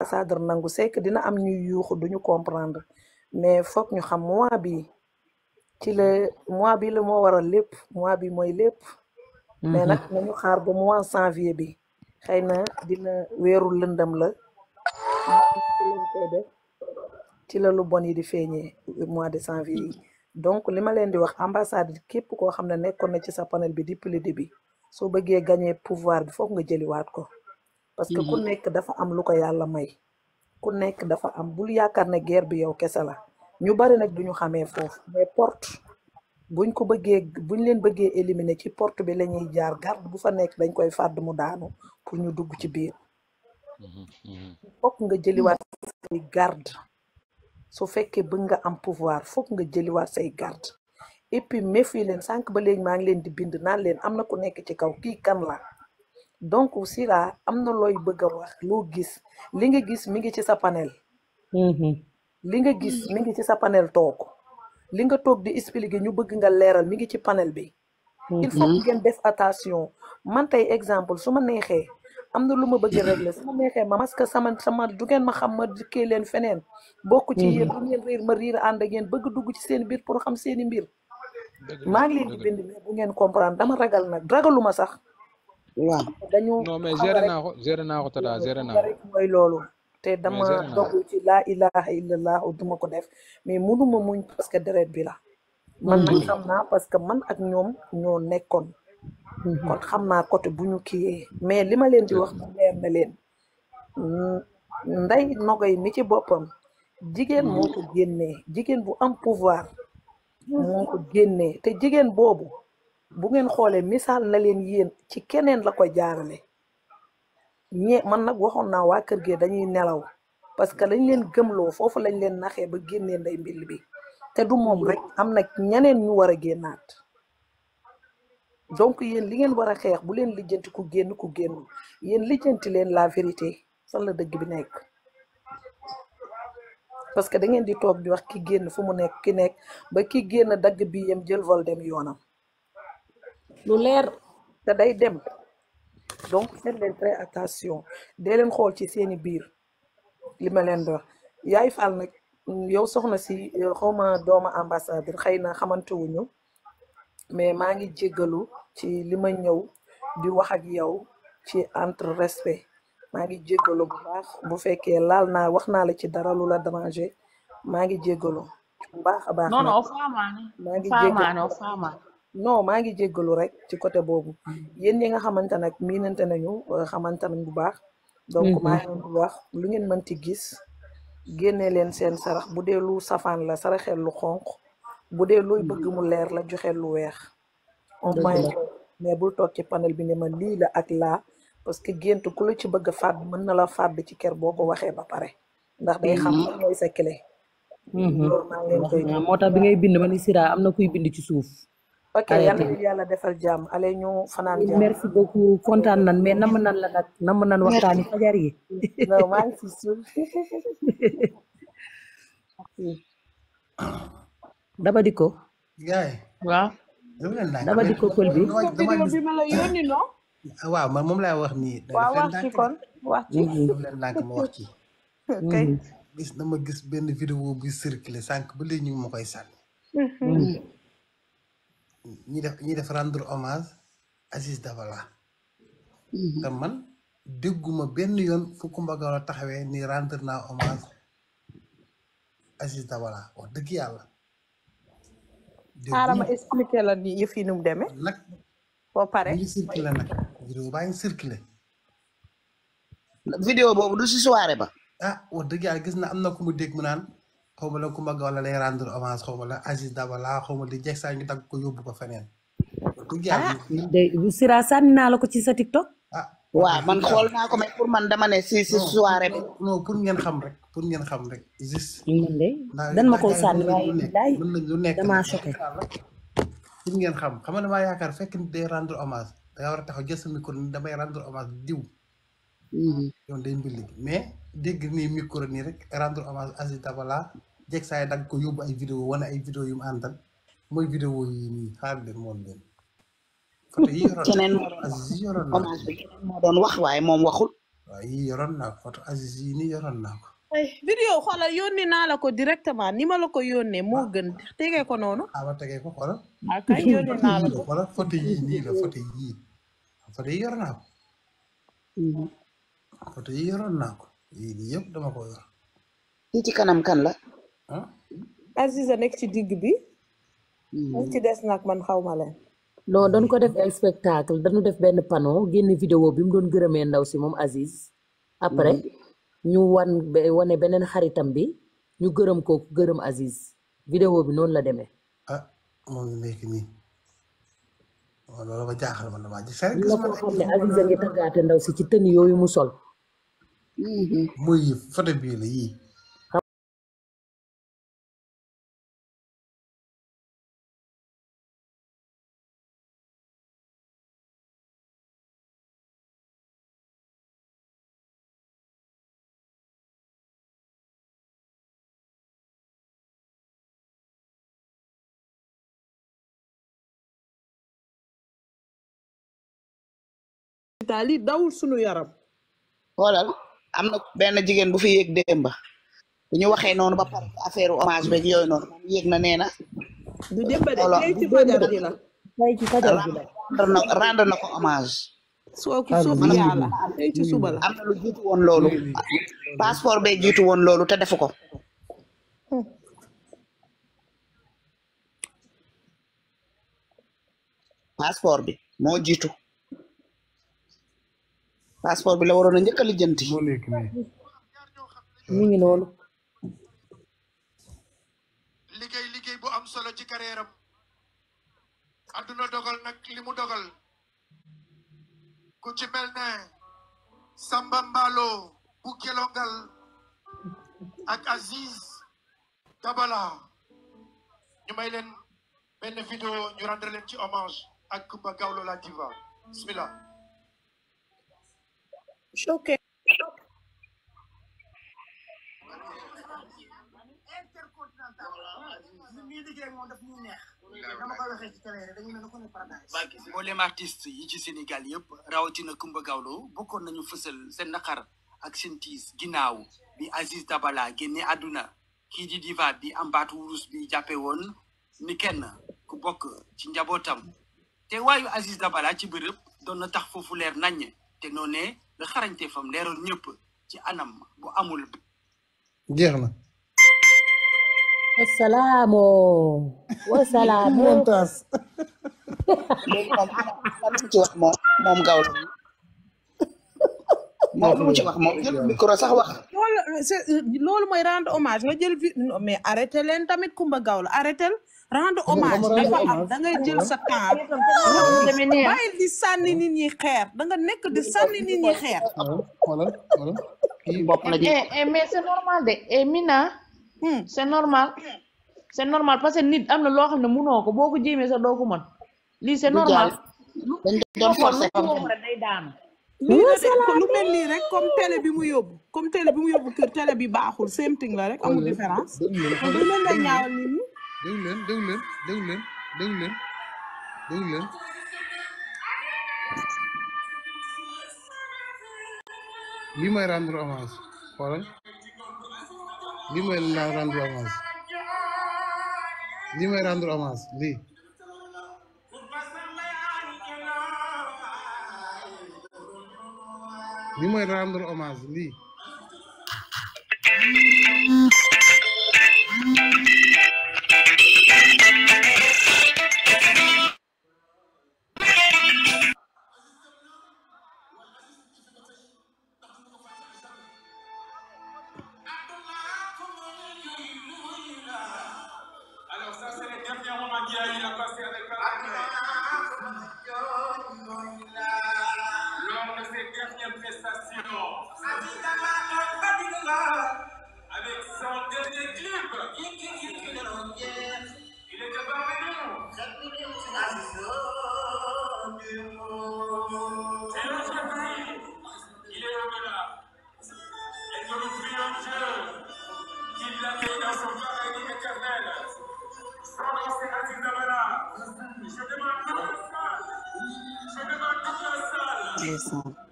ambassadeur nangu sekk dina am ñuy yuuxu duñu comprendre mais foog ñu xam mois bi ci la mois bi la moo waral lépp mois bi mooy lépp mais na mm-hmm. nañu xaar ba mois janvier bi xëy na dina weeru lëndam la ci la lu bon yi di feeñee mois de janvier yi donc li ma leen di wax ambassade képp koo xam ne nekkoon na ci sa panel bi depuis le début soo bëggee gagner pouvoir bi foog nga jëliwaat ko parce que ku mm-hmm. nekk dafa am lu ko yàlla may ku nekk dafa am bul yaakaar ne guerre bi yow kese la ñu bari nag ñu xamee foofu mais porte buñ ko bëggee buñ leen bëggee éliminer ci porte bi lañuy jaar garde bu fa nekk dañ koy fàdd mu daanu pour ñu dugg ci biir mm-hmm. Mm-hmm. fokk nga jëliwaat say garde su fekkee bëgg nga am pouvoir fokk nga jëliwaat say garde et puis fii leen sànq ba léegi maa ngi leen di bind naan leen am na ku nekk ci kaw kii kan la donc Sira am na looy bëgg a wax loo gis li nga gis mi ngi ci sa panel mm-hmm. li nga gis mi ngi ci sa panel toog li nga toog di expliqué ñu bëgg nga leeral mi ngi ci panel bi mm-hmm. il faut ngeen des attention man tey exemple su ma neexee am na lu ma bëgg régler su ma neexee ma parce que sama sama du ngeen ma xam ma dikkee leen feneen bokk ci yéen du mm-hmm. ngeen riir ma riir ànd ak yéen bëgg dugg ci seen biir pour xam seeni mbir maa ngi leen di bind mais bu ngeen comprendre dama ragal nag ragaluma sax waaw dañu non mais géré naa ko géré naa mooy loolu te dama dog ci laa ilaha illallah duma ko def mais munuma muñ parce que deret bi la man nag mm-hmm. xam na parce que man ak ñoom ñoo nekkoon mm-hmm. kon xam naa côté bu ñu kiyee mais li ma leen di wax bu na leen nday nogay mi ci boppam jigéen moo mm-hmm. ko génnee jigéen bu am pouvoir moo ko génnee te jigéen boobu bu ngeen xoolee misaal na leen yéen ci keneen la ko jaarale ñe man nag waxoon naa waa kër gee dañuy nelaw parce que dañ leen gëmloo foofu lañ leen naxee ba génnee nday mbill bi te du moom rek am nag ñeneen ñu war a génnaat donc yéen li ngeen war a xeex bu leen lijjanti ku génn ku génn yéen lijjanti leen la vérité fan la dëgg bi nekk parce que da ngeen di toog di wax ki génn fu mu nekk ki nekk ba ki génn dagg bi yem jël vol dem yoonam lu leer te day dem donc faites leen très attention dee leen xool ci seeni biir li ma leen di yaay fal nag yow soxna si xawma dooma ambassadeur xëy na xamante wuñu mais maa ngi jéggalu ci li ma ñëw di wax ak yow ci entre respect maa ngi jéggalu bu fekkee laal naa wax naa la ci dara lu la déranger maa ngi jéggalu bu baax a baax. non non faamaane. non maa ngi jéggalu rek ci côté boobu mm-hmm. yéen ñi nga xamante nag miinante nañu xamante nañ bu baax donc mm-hmm. maa ngi leen wax lu ngeen mënti gis génne leen seen sarax bu dee lu safaan la saraxeel lu xonq bu dee luy mm-hmm. bëgg mu leer la joxeel lu weex ma point mais bul toog ci panel bi ne ma lii la ak laa parce que gént ku la ci bëgg a mën na la fàdd ci kër boo ko waxee ba pare ndax day xam lan mooy sa moo tax bi ngay bind ma ni sira am na kuy bind ci suuf ok yàlla yàlla defal jàmm ale ñu fanaan jàmm merci beaucoup kontaan nan mais nam nan la nag nam waxtaani fajar daba di waaw daba di pël bi ma ah, waaw moom laa wax nii waaw wax ci kon wax ci leen ma gis dama gis benn vidéo buy circulé sànq ba léegi ñu ma ñi def ñi def rendre hommage Aziz Dabala. Mhm. te man dégguma benn yoon fu Coumba Gawlo taxawee ni rendre naa hommage Aziz Dabala wax dëgg yàlla. xaaral ma expliqué la ni yëf yi boo paree ngi boobu du si ba. ah wax dëgg yàlla gis na am na ku mu dégg mu naan xaw ma la Kumba Gawlo lay rendre hommage xaw ma la Aziz Dabala xaw ma di jeex saa ñu dagg ko yóbbu ko feneen. ah bu Sira sànni naa la ko ci sa TikTok. ah waaw man xool naa ko pour man dama ne si si soirée bi. non ngeen xam rek pour ngeen xam rek. juste dan ma koo sànni waaye laay damaa choqué. pour ngeen xam xam nga damaa yaakaar fekk de rendre hommage da nga a taxaw jël sa micro damay rendre hommage diw. ñoom dañ mbi mais dégg nii micro rek rendre hommage Aziz Dabala jeg saa yi ko yóbbu ay vidéo wane ay vidéo yu mu àndal mooy vidéo yi nii xaar leen moom leen photo yi yoroon keneen wax waaye moom waxul waaw yii yoroon naa ko photo yi nii yoroon naa ko ay ko directement ni ma la ko yónnee moo ah. gën ko noonu ah ma tegee oto yi yoroon naa ko yii di yëpp yor yi ci kanam kan la ah Aziza nekk ci digg bi ñi hmm. ci des nag man xaw ma leen non dañ ko def ay spectacle dañu def benn pano génne vidéo bi mu doon gërëmee ndaw si moom Aziz après hmm. ñu wane beneen xaritam bi ñu gërëm kooku gërëm Aziz vidéo bi noonu la deme ah moom ñu nekk nii loolu ma jaaxal man damaa gis rek ko xam ne Aziz a ngi taggaate ndaw si ci tën yooyu mu sol موي تالي داول سنو يارب ولا لا amna na benn jigéen bu fi yéeg demba ñu waxee nonu ba par affaire hommage beeg yoy non mom yéeg na nee du demba de tey ci fajar gi la tey ci fajar gi la rendre na ko hommage. soo so soo yalla yàlla ci suba la. lu jitu won lolu passeport be jitu won lolu te defuko passeport bi mo jitu passeport bi la waroon a njëkk a lijjanti. mu ngi noonu. liggéey liggéey bu am solo ci carrière am. adduna dogal nag li mu dogal. ku ci mel ku Samba Mballo bu Kelongal ak Aziz Dabala ñu may leen benn vidéo ñu rendre leen ci hommage ak Kumba Gawlo la diva bismillah Шоке. mboolem artiste yi ci Sénégal yëpp rawatina Kumba Gawlo bokkoon nañu fësal seen naqar ak seen tiis ginnaaw bi Aziz Dabala génne àdduna kii di diva bi am baatu wurus bi jàppe woon ku bokk ci njabootam te waayu Aziz Dabala ci bërëb doon na tax foofu leer naññ te noonee la xarañte fam leeroon ñëpp ci anam bu amul jeex na wasalaamu wasalaamu montas moom wax moom moom gawlo moom ci wax moom sax wax loolu mooy rendre hommage nga jël vi mais arrêté leen tamit Kumba Gawlo arrêté rendre hommage dafa jël sa temps bàyyi di sànni nit ñi xeer da nga nekk di sànni nit ñi xeer. voilà voilà kii bopp eh, eh, mais c' normal de eh, Mina. Hmm. c' normal c' normal parce que nit am na loo xam ne mënoo ko boo ko jéemee sa doo ko mën lii c' est normal. lu mel nii rek comme télé bi mu yóbbu comme télé bi mu yóbbu kër télé bi baaxul same thing la rek amul différence. lu mel ne ñaawal nit ñi. Dövülün, dövülün, dövülün, dövülün, dövülün. Lima randur avans. Xoolal. Lima la randur avans. Lima randur avans lii. li mooy rendre hommage lii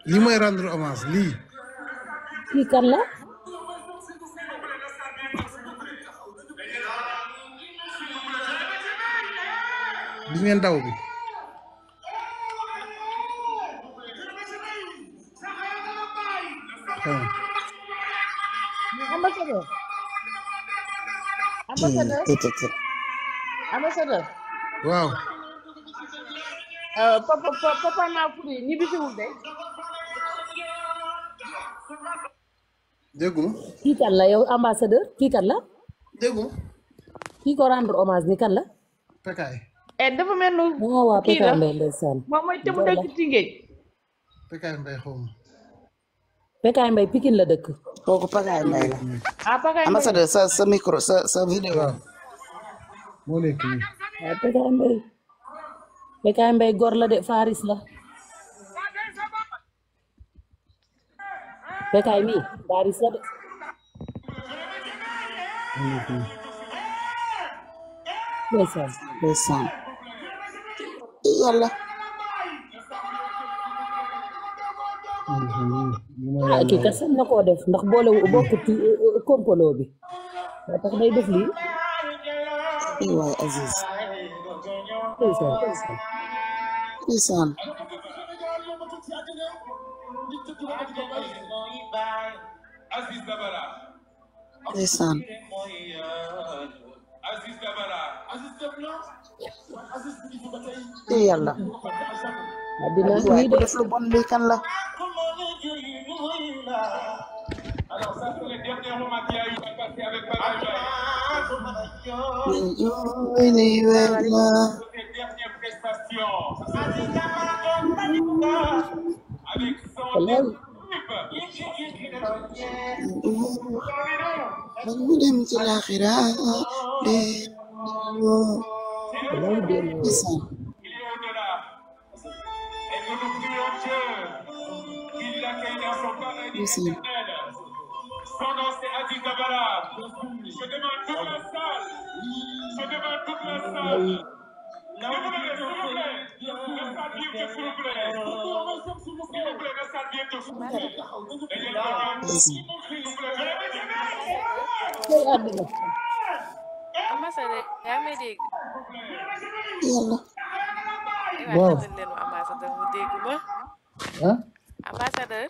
li may rendre hommage li kii kan la. di ngeen daw bi. ambassadeur. Hmm, ambassadeur ambassadeur. waaw. Eh, papa papa naa furi ñibisiwul de. dégguma kii kan la yow ambassadeur kii kan la dégguma kii ko rendre hommage ni kan la pekaay eh, dafa mel nu ah, waaw waaw pekaay mbay ndeysaan moom mooy tëmu dëkk tingéej pekaay mbay xawma pekaay mbay pikin la dëkk kooku pekaay mbay la ah pekaay ambassadeur sa sa micro sa sa vidéo moo nekk gor la de faris la Bekay mi daa ris la de ndeysaan ndeysaan yàlla ah kii kat sañ na koo def ndax boole bokk ci kompolo bi moo tax day def lii i waay Aziz ndeysaan This son. te yàlla àddina ñi di def lu bon li kan la Hello. Pamoja mtila Je demande toute la salle. Je demande toute la salle. S'il vous plaît, s'il vous plaît. waaw. ah. ambassadeur.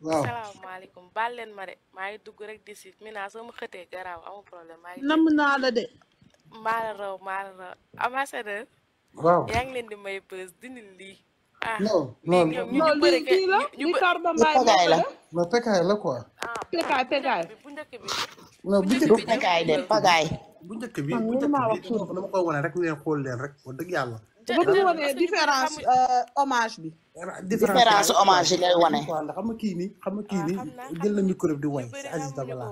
waaw salaamaaleykum baal leen ma de maa ngi dugg rek di si mina soo ma xëtee garaaw amul problème maa ngi. nam naa la de. maa raw maa raw ambassadeur. yaa leen di may bës dindi lii. non non non li kii ah, la li Tarba Mbaye la la. non pekaay la quoi. pekaay pekaay. non bu njëkk bi pekaay de pagaay. bu njëkk bi bu njëkk bi dama koy wane rek ne xool leen rek wax dëgg yàlla. bu ko wane différence hommage bi. différence hommage yi lay wane. xam nga kii nii xam nga kii nii jël na micro bi di way si Aziz Dabala.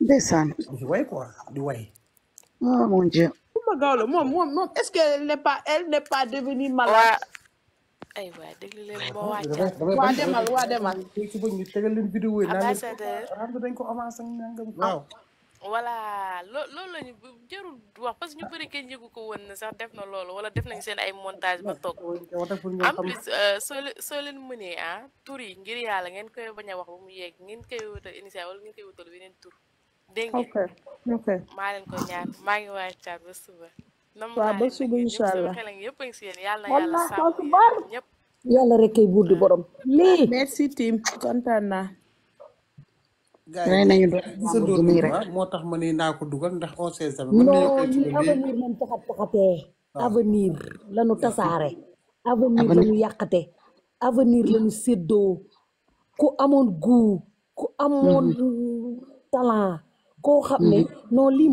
ndeysaan. di way quoi di way. oh mon dieu. Coumba Gawlo moom moom moom est-ce que elle n'est pas elle n'est pas devenue malade. ay waay déglu leen boo wàcc waa demal waa demal ci bëñ ñu tegal leen vidéo yi naan dañ ko avancé nangam waaw voilà loo loolu lañu jarul wax parce que ñu bëri kenn yëgu ko woon ne sax def na loolu wala def nañ seen ay montage ba toog en plus euh, soo soo leen mënee ah tur yi ngir yàlla ngeen koy bañ a wax ba mu yeeg ngeen koy wutal initial wala ngeen koy wutal beneen tur dégg ngeen maa leen ko ñaan maa ngi wàccaat ba suba waaw ba suba incha allah wallah yàlla rek kay buur di borom lii merci team kontaan naa gaay nañu doon ah, moo tax ma ne naa ko dugal ndax on sait jamais avenir moom taxat taxatee avenir lañu tasaare avenir yàqate avenir lañu séddoo ku amoon goût ku amoon mm-hmm. mm, talent koo xam ne mm-hmm. non lii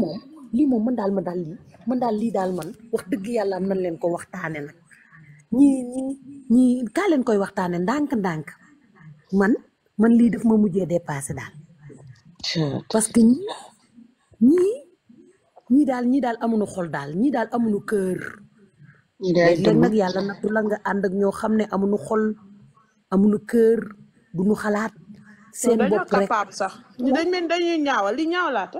moom lii daal ma daal lii man daal lii daal man wax dëgg yàlla am nañ leen ko waxtaane nag ñii ñi ñii kaa leen koy waxtaane ndànk-ndànk man man lii daf ma mujjee dépassé daal parce que ñii ñii daal ñii daal amuñu xol daal ñii daal amuñu kër léeg nag yàlla nattu la nga ànd ak ñoo xam ne amuñu xol amuñu kër duñu xalaat seen bopp rek sax dañ mel dañuy ñaawal li ñaawlaata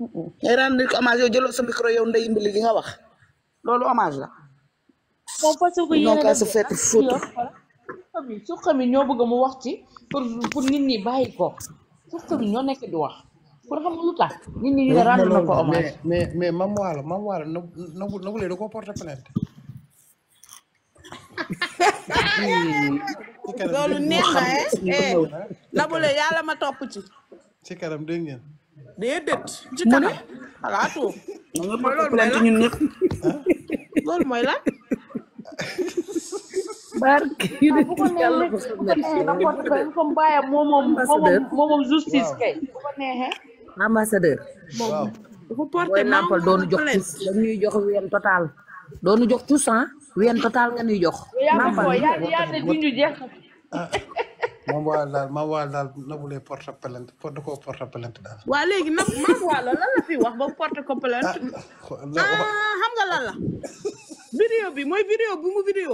ngay rendre ko hommage yow jëloo sa micro yow ndey mbili gi nga wax loolu hommage la. moom parce que yéen a su xam ñoo bëgg mu wax ci pour pour nit ñi bàyyi ko su xam ñoo nekk di wax pour xam lu tax nit ñi ñu ne rendre na ko hommage. mais mais Mame Walo Mame Walo na nagu nagu lee da koo porter plainte. loolu neex na eh, eh. Nabou Leye yàlla ma topp ci. ci kanam dégg ngeen. déedéet. ci kanam xalaatoo. mooy loolu mooy lan ñun ñëpp. na porte benn comme baayam moo moom moom justice kay. ambassadeur. waaw nampal doonu jox tous dañuy jox ween total. doonu jox tous ah. ween nga ñuy jox. nampal yaa ngi foofu yaa maam waa daal maam waa daal waa léegi nag maam waa la lan la wax ba porte ko plainte. ah, ah xam nga lan la. vidéo bi mooy vidéo bu mu vidéo.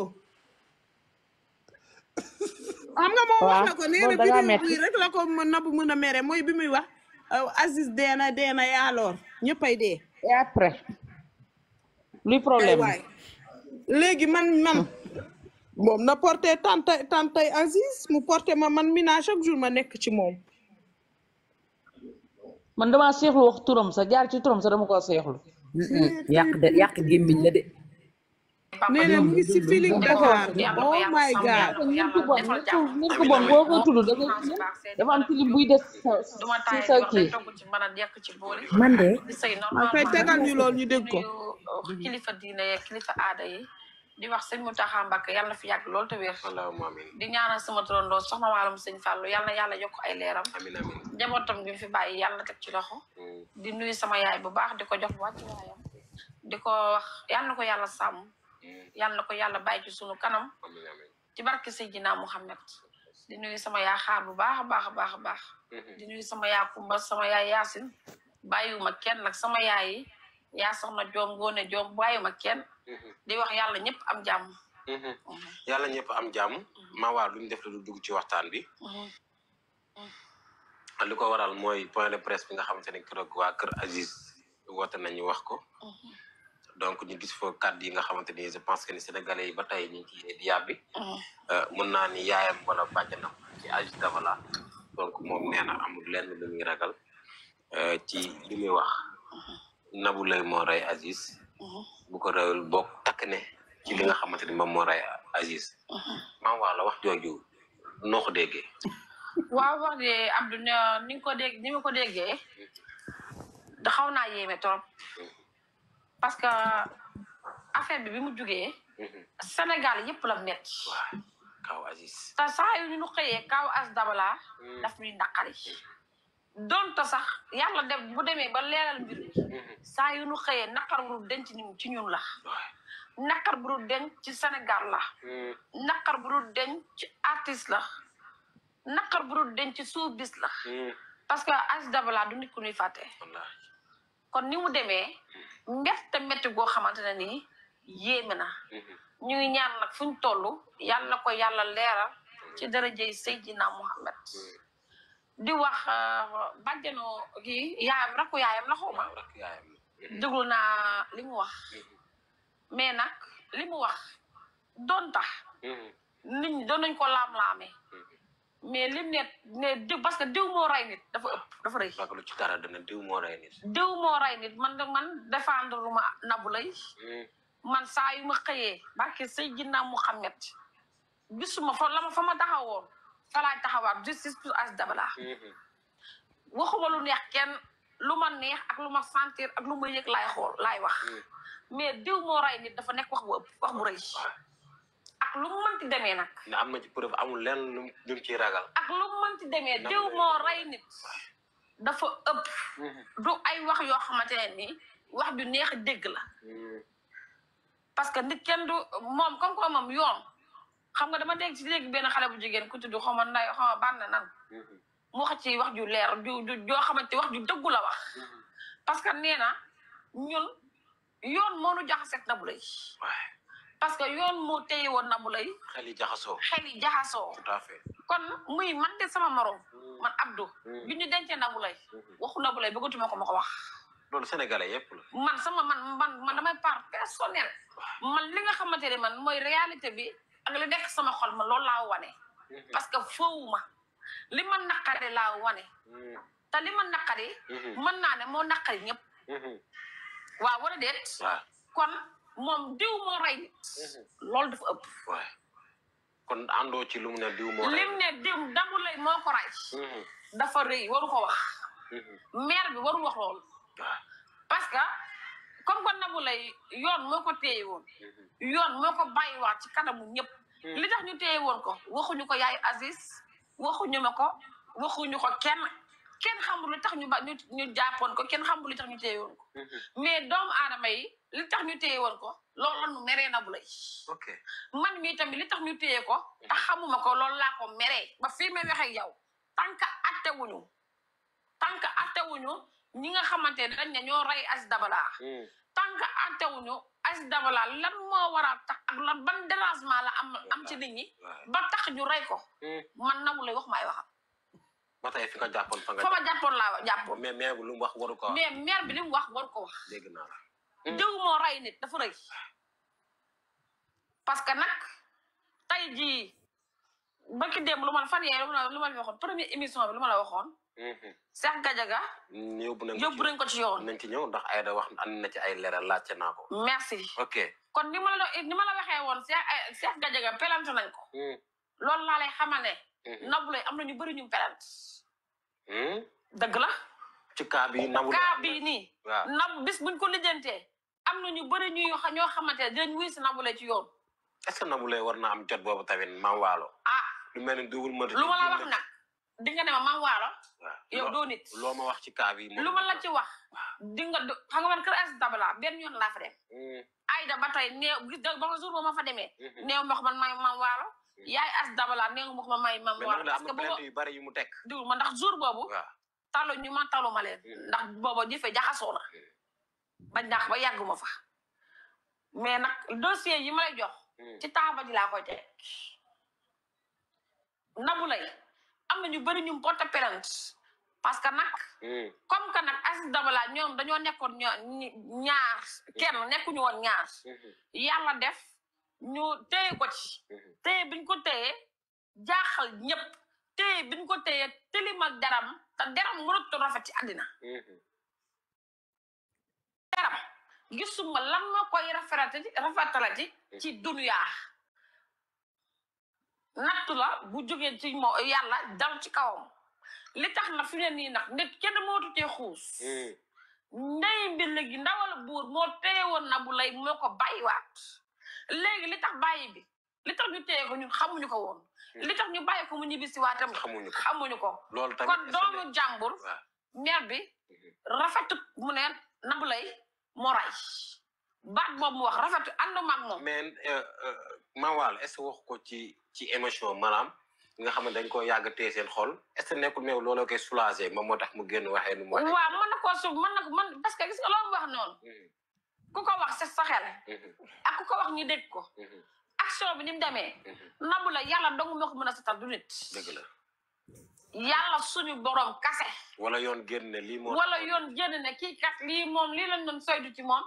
xam nga moom wax na ko nee na bi rek la ko mën Nabou mën a mere mooy bi muy wax. Euh, Aziz deena deena yaa lor ñëppay dee. et après. luy problème léegi man man. moom na porté tante tante Aziz mu porté ma man mi chaque jour ma nekk ci moom. man damaa seexlu wax turam sa jaar ci turam sa dama ko seexlu. yàq de yàq gémmiñ la de. nee na mu ngi ku oh bon nit ku bon boo ko da ngay dafa am clip buy des si sa kii. man de. ma fay tegal ñu lool ñu dégg ko. Oh, kilifa diine yeeg kilifa aada yi. di wax sëñ Mountakha Mbacké yàlla na fi yàgg loolu te wér di ñaanal sama turandoo soxna wàllum sëñ Fallou yàlla na yàlla yokk ay leeram amiin amiin njabootam fi bàyyi yàlla teg ci loxo mm. di nuyu sama yaay bu baax di ko jox wàcc waayam di ko wax yàlla na ko yàlla sàmm mm. yàlla na ko yàlla bàyyi ci sunu kanam ci barke Seydina Muhammad di nuyu sama yaa xaar baax a baax a baax a baax mm-hmm. di nuyu sama yaa Kumba sama yaay Yaasin bàyyiwuma kenn nag sama yaay yi yaa soxna joom ngoone joom bàyyiwuma kenn Mm-hmm. di wax yàlla ñëpp am jàmm. Mm-hmm. Mm-hmm. yàlla ñëpp am jàmm. maa waa lu ñu def la dugg ci waxtaan bi. li ko waral mooy point de presse bi nga xamante ne keroog waa Kër Aziz woote nañu wax ko. donc ñu gis foofu kàddu yi nga xamante ni je pense que ni sénégalais yi ba tey ñu ngi ciy yàbbi. Euh, mun naa ni yaayam wala bàjjanam ci Aziz Dabala donc moom nee na amul lenn lu ragal euh, ci li muy wax. Nabou Leye moo rey Aziz. Uh-huh. bu ko takk ne ci li nga xamante ni moom moo ray Aziz uh-huh. maam wax wax jooju noo ko waaw wax de Abdou ne ni nga ko dégg ni ko déggee da xaw naa yéeme trop mm-hmm. parce que affaire bi bi mu jugee mm-hmm. Sénégal yëpp la metti waaw kaw Aziz te saa yu ñu as dabala mm. daf ñuy naqari mm. donte sax yàlla def bu demee ba leeral mbir mi saa yu nu xëyee naqar bu dul denc ci ñun la naqar bu dul denc ci Sénégal la naqar bu dul denc ci artiste la naqar bu dul denc ci showbiz la parce que Aziz Dabala du nit ku ñuy fàtte kon ni mu demee mbette métti goo xamante ne nii yéeme na ñu ngi ñaan nag fu ñu toll yàlla ko yàlla leeral ci daraja Seydina Muhammad di wax uh, bàjjanu kii yaayam rakku yaayam la xawma mm-hmm. déglu naa li mu wax mm-hmm. mais nag li mu wax doon tax mm-hmm. nit ñi doon nañ ko laam-laame mais lim ne ne diw parce que diw moo rey nit dafa ëpp dafa rëy lu ci dara dana diw moo rey nit diw moo rey man man défendre ma Nabou Leye man saa yu ma xëyee barke Seydina Muhammad gisuma fa la ma fa ma taxawoon falaa taxawaat justice pour Aziz Dabala mm-hmm. waxuma lu neex kenn lu ma neex ak lu ma sentir ak lu ma yëg laay xool laay wax mm. mais diw moo rey nit dafa nekk wax bu ëpp wax bu rëy ak lu mu mënti demee nag. am na ci preuve amul lenn lu mu ciy ragal. ak lu mu mënti demee diw moo rey nit dafa ëpp. Mm-hmm. du ay wax yoo xamante ne nii wax ju neex a dégg la. Mm. parce que nit ken du moom comme que moom yoon. xam nga dama dégg si léegi benn xale bu jigéen ku tudd xaw ma nday xaw ma bànn nan mu wax ci wax ju leer ju joo xamante wax ju dëggu la wax parce que nee na ñun yoon moo nu jaxaseet na bu lay parce que yoon moo téye woon na bu lay xel yi jaxasoo xel yi kon muy man de sama morom mm. man Abdou mm. bi ñu dencee na bu mm-hmm. waxu na bu lay bëggatuma ko ma wax loolu sénégalais yëpp man sama man man man damay part personnel man li nga xamante ne man mooy réalité bi ak li nekk sama xol ma loolu laa wane. Mhm. parce que fowuma li ma naqari laa wane. Mhm. te li ma naqari. Mhm. mën naa ne moo naqari ñëpp. waaw wala déet. kon moom diw moo rey nit. loolu dafa ëpp. kon àndoo ci lu mu ne diw moo rey. lim ne diw damu lay moo ko rey. dafa rëy waru ko wax. maire bi waru wax loolu. parce que. comme kon namu Leye yoon moo ko téye woon mhm. yoon moo ko bàyyiwaat ci kanamu ñëpp mhm. li tax ñu téye woon ko waxuñu ko yaay Aziz waxuñu ma ko waxuñu ko kenn kenn xamul li tax ñu ba ñu jàppoon ko kenn xamul li tax ñu téye woon ko mhm. mais doomu aadama yi li tax ñu téye woon ko loolu la ñu meree na Leye ok man mii tamit li tax ñu téye ko te xamuma ko loolu laa ko meree ba fii may wax ak yow tant que attewuñu tant que attewuñu ñi nga xamante dañ ne ñoo ray as dabala hmm. tant que wuñu as dabala lan mo wara tax ak lan ban dérangement la am am ci nit ñi ba tax ñu ray ko hmm. man nagu lay wax may wax ba fi fa nga fa ma mais lu wax waru ko bakki dem lu man fan ye lu ma lu ma waxoon première émission bi lu ma la hmm Cheikh gadjaga Gadiaga. bu nañ ko ci nañ ko ci yoon. nañ ci ñew ndax ay da wax an na ci ay leeral laajte naa ko. merci ok kon ni ma la ni ma la waxé won Cheikh Cheikh gadjaga pelante nañ ko. hmm lool la lay xamal ne. Hmm. nabu lay am ñu bëri ñu pelante. dëgg la. ci ka bi nabu ka bi ni nii. nab hmm? ya. bis buñ ko lijeenté am na ñu bëri ñu ñoo xamante dañ dinañ wuyu si nabu ci yoon. est ce que lay war na am jot bobu tawen ma walo ah lu mel ni double meurtre lu ma la wax nag di nga ne ma man waalo yow doo nit loo ma wax ci kaa bi lu ma la ci wax di nga xam nga man kër as dabala benn yoon laa fa dem hmm. ayda ba neew gis da ba jour ma fa demee hmm. neew ma man may man waalo hmm. yaay as dabala neew ma ma may man waalo parce que boobu yu bari yu mu teg diw ma ndax jour boobu talo ñu ma talu ma leen ndax boobu jëfe jaxasoo na ba ndax ba yàgguma fa mais nag dossier yi ma lay jox ci taaba ji laa koy teg Nabou Leye am na ñu bëri ñu porte plainte parce que nag. Hmm. comme que nag Aziz Dabala ñoom dañoo nekkoon ñaar kenn nekkuñu woon ñaar. Hmm. yàlla def ñu téye ko ci. Hmm. biñ ko téye jaaxal ñëpp téye biñ ko téye tilim ak daram te daram mënut rafet ci àddina. daram gisuma lan moo koy rafetala ci ci dunuyaa. nattu la bu jógee ci moo yàlla dal ci kawam li tax na fi ne nii nax nit kenn moo tutee xuus hmm. ndey mbir léegi ndawal buur moo téye woon na bu lay moo ko bàyyiwaat léegi li tax bàyyi bi li tax ñu téye ko ñun xamuñu ko woon hmm. li tax ñu bàyyi ko mu ñibbisi waatam xamuñu ko loolu tamit kon doomu jàmbur meer bi hmm. rafetut mu ne nabu lay moo ray baat boobu mu wax rafetut ànduma ak moom euh, euh, Mawal est ce wax ko ci ci émission maanaam nga xam ne dañ ko yàgg téye seen xol est ce que nekkul néew looloo koy soulagé moom moo tax mu génn waxee nu mu waxee. waaw mën na ko suuf mën na mën parce que gis nga loolu wax noonu. Mm-hmm. ku ko wax sa xel. Mm-hmm. ak ku ko wax ñu dégg ko. Mm-hmm. action bi ni mu demee. nabu la yàlla dong moo ko mën a satal du nit. dëgg la. yàlla borom kase. wala yoon gën ne lii moom. wala yoon génn ne kii kat lii moom lii lañ doon soydu ci moom.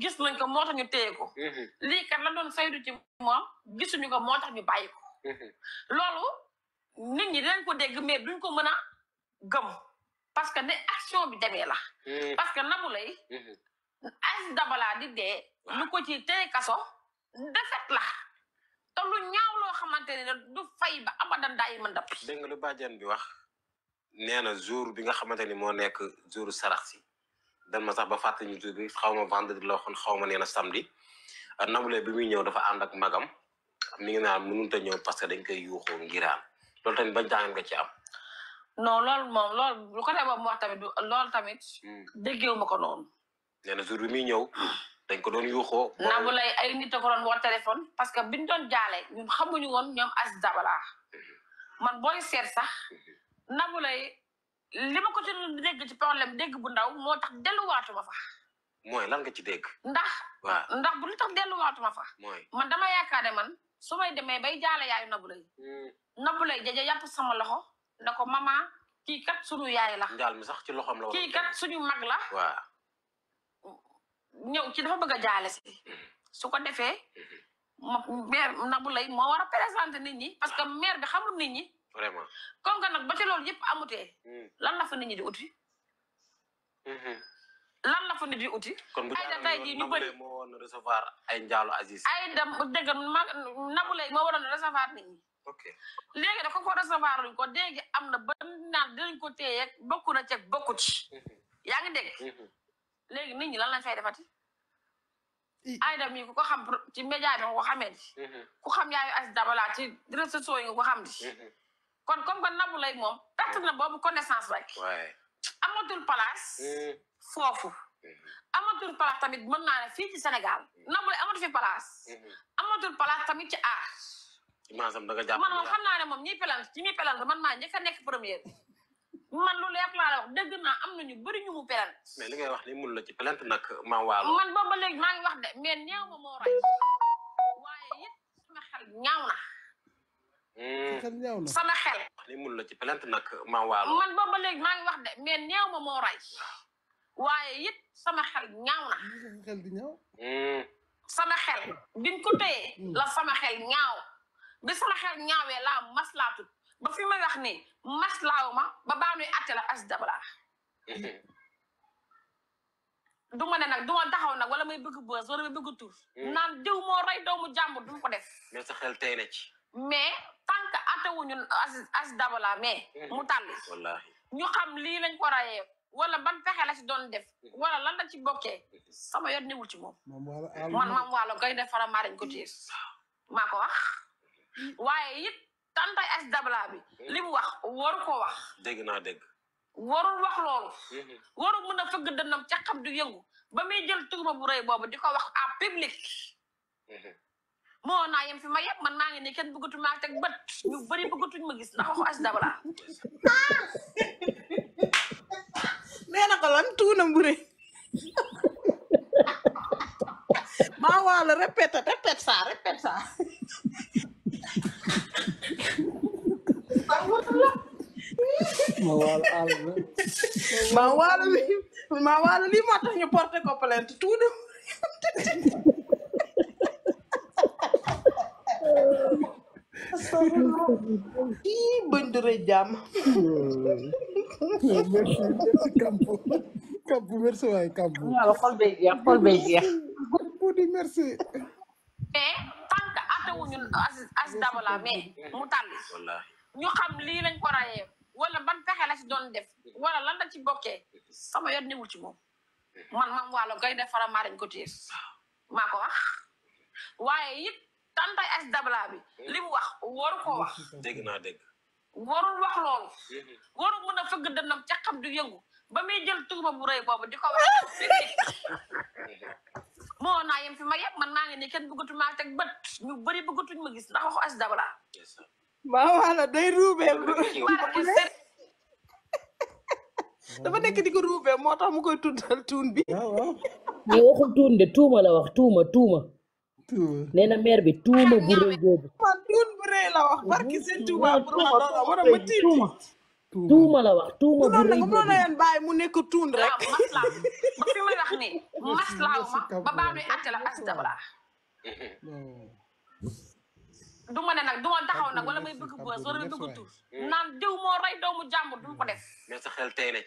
gis nañ ko moo tax ñu téye ko. Mm-hmm. lii kat la doon saytu ci moom gisuñu ko moo tax ñu bàyyi ko. Mm-hmm. loolu nit ñi dañ ko dégg mais duñ ko mën a gëm parce que ne action bi demee la. Mm-hmm. parce que Nabou Leye. Aziz di dee. Ah. lu ko ci téye kaso defet la. te lu ñaaw loo xamante ne du fay ba abadan daay mën dappi. dégg nga lu bàjjan bi wax nee na jour bi nga xamante ni moo nekk jour sarax si. dan ma sax ba fàtte ñu tur bi xaw ma vendredi la waxoon xaw ma nee na samedi euh, Naboulaye bi muy ñëw dafa ànd ak magam mi ngi naan mënut a ñëw parce que dañ koy yuuxoo ngiraa loolu tamit ba jàngat nga ci am. non loolu moom loolu lu ko defee mu wax tamit loolu tamit. Hmm. déggewu ma ko noonu. nee na jour bi muy ñëw. dañ ko doon yuuxoo. Naboulaye ay nit a ko doon woo téléphone. parce que biñ doon jaale ñun ñu woon ñoom as dabala hmm. man booy seet sax hmm. Naboulaye. lima ma ko ci dégg ci problème dégg bu ndaw mo tax ma fa. moy lan nga ci dégg. ndax. ndax bu li tax ma fa. moy man dama yaakaar ne man sumay démé bay jaale yaay nabu lay. Hmm. nabu lay jaja yàpp sama loxo na mama ki kat suñu yaay la. njaal mi sax ci loxam la. ki kat suñu mag la. wa ñew ci dafa bëgg jaale si. Hmm. su ko defee. Hmm. ma mo wara lay moo war présenter nit ñi parce que mère bi xamul nit ñi. vraiment comme que nag ba ci loolu yëpp amutee. Hmm. lan la fa nit ñi di uti. Hmm. lan la fa nit di uti. kon bu jaarale ay jii ñu bëri moo waroon recevoir ay njaalu Aziz. ay dem dégg ma Nabou Leye moo waroon recevoir nit ñi. ok léegi da ko ko recevoir luñ ko dégg am na ba naan dinañ ko téye bokku na ceeb bokku ci. Hmm. yaa ngi dégg. léegi nit ñi lan lañ fay defati. Aïda mii ku ko xam ci média bi nga ko xamee. ku xam yaayu Aziz Dabala ci réseaux sociaux nga ko xam di. kon comme kon Nabou lay mom perte na bobu connaissance rek. amatul place. Mm. fofu mm-hmm. amatul place tamit mën mm-hmm. na fi ci senegal Nabou Leye amatul fi place. Mm-hmm. amatul place tamit ci aar. image am da nga japp man xam na ne mom ñi pelant ci ñuy pelant man ma njëkk nek premier man lu leer la wax deug na am nañu bari ñu mu pelant. mais li ngay wax ni mun la ci pelant nak ma walu man bobu leg ma ngi wax de mais néew ma mo roy waye yëpp sama xel ñaaw na. Hmm. sama xel. li mun la ci plainte nag maa waalo. man booba léegi maa ngi wax de mais néew ma moo rey. waaye it sama xel ñaaw na. xel hmm. sama xel biñ ko téye. Hmm. sama xel ñaaw. bi sama xel ñaawee laa maslaatut ba fi may wax nii maslaaw ma ba baa nuy àtte la as dabala. du ma ne nag du ma taxaw nag wala may bëgg bës wala may bëgg tur. naan diw moo rey doomu jàmbur du ma ko def. mais sa xel tey na mais. tank que atewuñu as as dabala mais mm. mu tal ñu xam li lañ ko rayé wala ban fexé la ci doon def mm. wala lan la ci bokké sama yott newul ci mom man mam walo gay def fara maariñ ko tiss mako wax waye it tante as dabala bi li wax woru ko wax deg na mm. dégg woru wax lool mm-hmm. woru mëna fëgg dënnam ci xam du yëngu ba muy jël tuuma bu rëy bobu di wax à public mm-hmm mo naa yem fi ma yëpp man maa ngi ne kenn bëggatu maa teg bët ñu bëri bëggatuñ ma gis ndax waxu as dabala nee na ko lan tuuna mbure maa waala répète répète ça répète ça maa waala àll maa waala li maa waala lii moo tax ñu porté ko plainte tuuna Ih, bener ya, jam. Iya, kampung. Kampung merci waay kampung. Wala be jeex xol be jeex. Bu di merci. Mais tant que atewuñu Aziz Aziz Dabala mais mu tàll. Ñu xam lañ ko wala ban pexe la ci doon def wala lan la ci sama yoon newul ci Man mam waalo gay defara maa dañ ko téye. wax tantay as dabla bi li wax waru ko wax deg na deg warul wax loolu mhm. warul mën a fëgg ci xam du yëngu ba mi jël tuuma bu reey bobu diko wax mo na yem fi ma yem man ma ngi ni kenn bëggatu ma tek bët ñu bari bëggatuñ ma gis ndax waxu as dabla maa wala day ruubee dafa nek di ko ruubee mu koy tuddal tun bi waxul tun de tuuma la wax tuuma tuuma nee na maire bi tuuma bu rëy boobu. tuuma pour ma war a ma tiit. tuuma la tuuma bu rëy boobu. leen mu nekk tuun rek. maslaaw ba fi may wax ni maslaaw ma ba baa nuy àtte la ak tabla. du ne nag du ma nag wala may bëgg bës wala may bëgg tur naan diw moo rey doomu jàmbur du ko def. mais sa xel tey na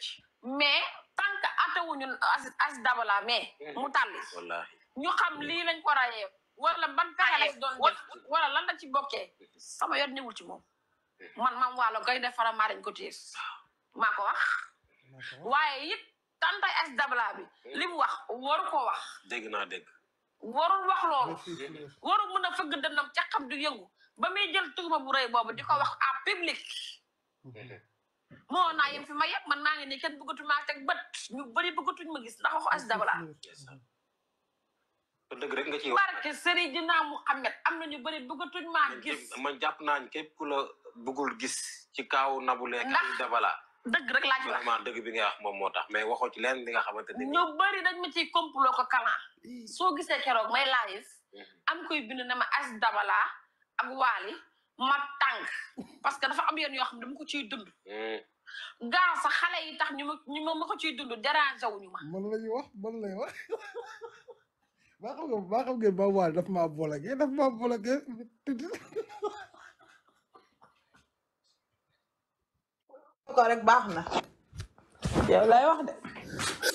as dabala mais. mu tàlli ñu xam lii lañ ko wala ban pexe la ci doon wala lan la ci bokkee sama yoon newul ci moom hmm. man mam waalo gay ne fara maariñ ko téye maa ko wax waaye it tanta as dabla bi li mu wax waru ko wax dëgg naa dëgg warul wax loolu warul mën a fëgg dënnam ca xam du yëngu ba muy jël tuuma bu rëy boobu di ko wax à public hmm. moo naa fi ma yëpp man maa ngi nii kenn bëggatu maa teg bët ñu bëri bëggatuñ ma gis ndax waxu as dabla dëgg rek nga ciy wax barke Seydina Muhammad am na ñu bëri bëggatuñ maa gis. ma jàpp naañ ne képp la bëggul gis ci kaaw nabu Leye ndax Dabala. dëgg rek laaj ci dëgg bi nga wax moom moo tax mais waxoo ci leen li nga xamante ne. ñu bëri dañ ma ciy complot ko kalan soo gisee keroog may live mhm. am koy bind na ma as Dabala ak Waly ma tàng parce que dafa am yoon yoo xam ne dama ko ciy dund. Mhm. gaa sa xale yi tax ñu ma ñu ma ma ko ciy dund dérangé wuñu ma. man la ñuy wax maa xam nga maa xam ngeen ba waal daf maa bloqué daf maa bloqué ko rek baax na yow lay wax de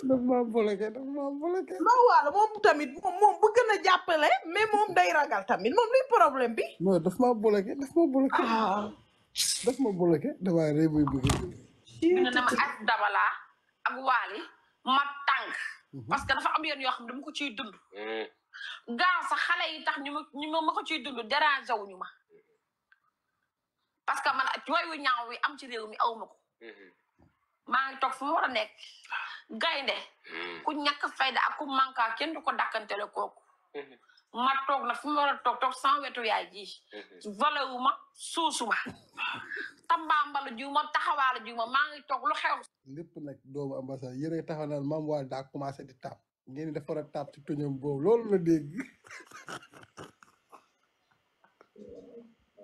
daf maa bloqué daf maa bloqué ba waal moom tamit moom moom bëgg na jàppale mais moom day ragal tamit moom luy problème bi non daf maa bloqué daf maa bloqué daf ma bloqué dama rëy muy bëgg nga dama ak dabalaa ak waali ma tànk Mm-hmm. parce que dafa am yoon yoo xam ne dama ko ciy dund. Mm-hmm. gaa sa xale yi tax ñu ma ñu ma ciy dund dérangé wuñu ma. Mm-hmm. parce que man yooyu ñaaw wi am ci réew mi aw ma ko. maa ngi toog fu mu war a nekk. Ah. gaynde ku ñàkk fayda ak ku manka kenn du ko dàkkantele kooku. ma toog nag fu ma war a toog toog sans wetu yaay ji. Mhm. valewu ma suusuma tambaambala jiw ma taxawaala jiw ma maa ngi toog lu xew. lépp nag doomu ambassade yéen a taxaw naan maam waa daa commencé di taab ngeen di dafa war a taab ci tuñam boobu loolu la dégg.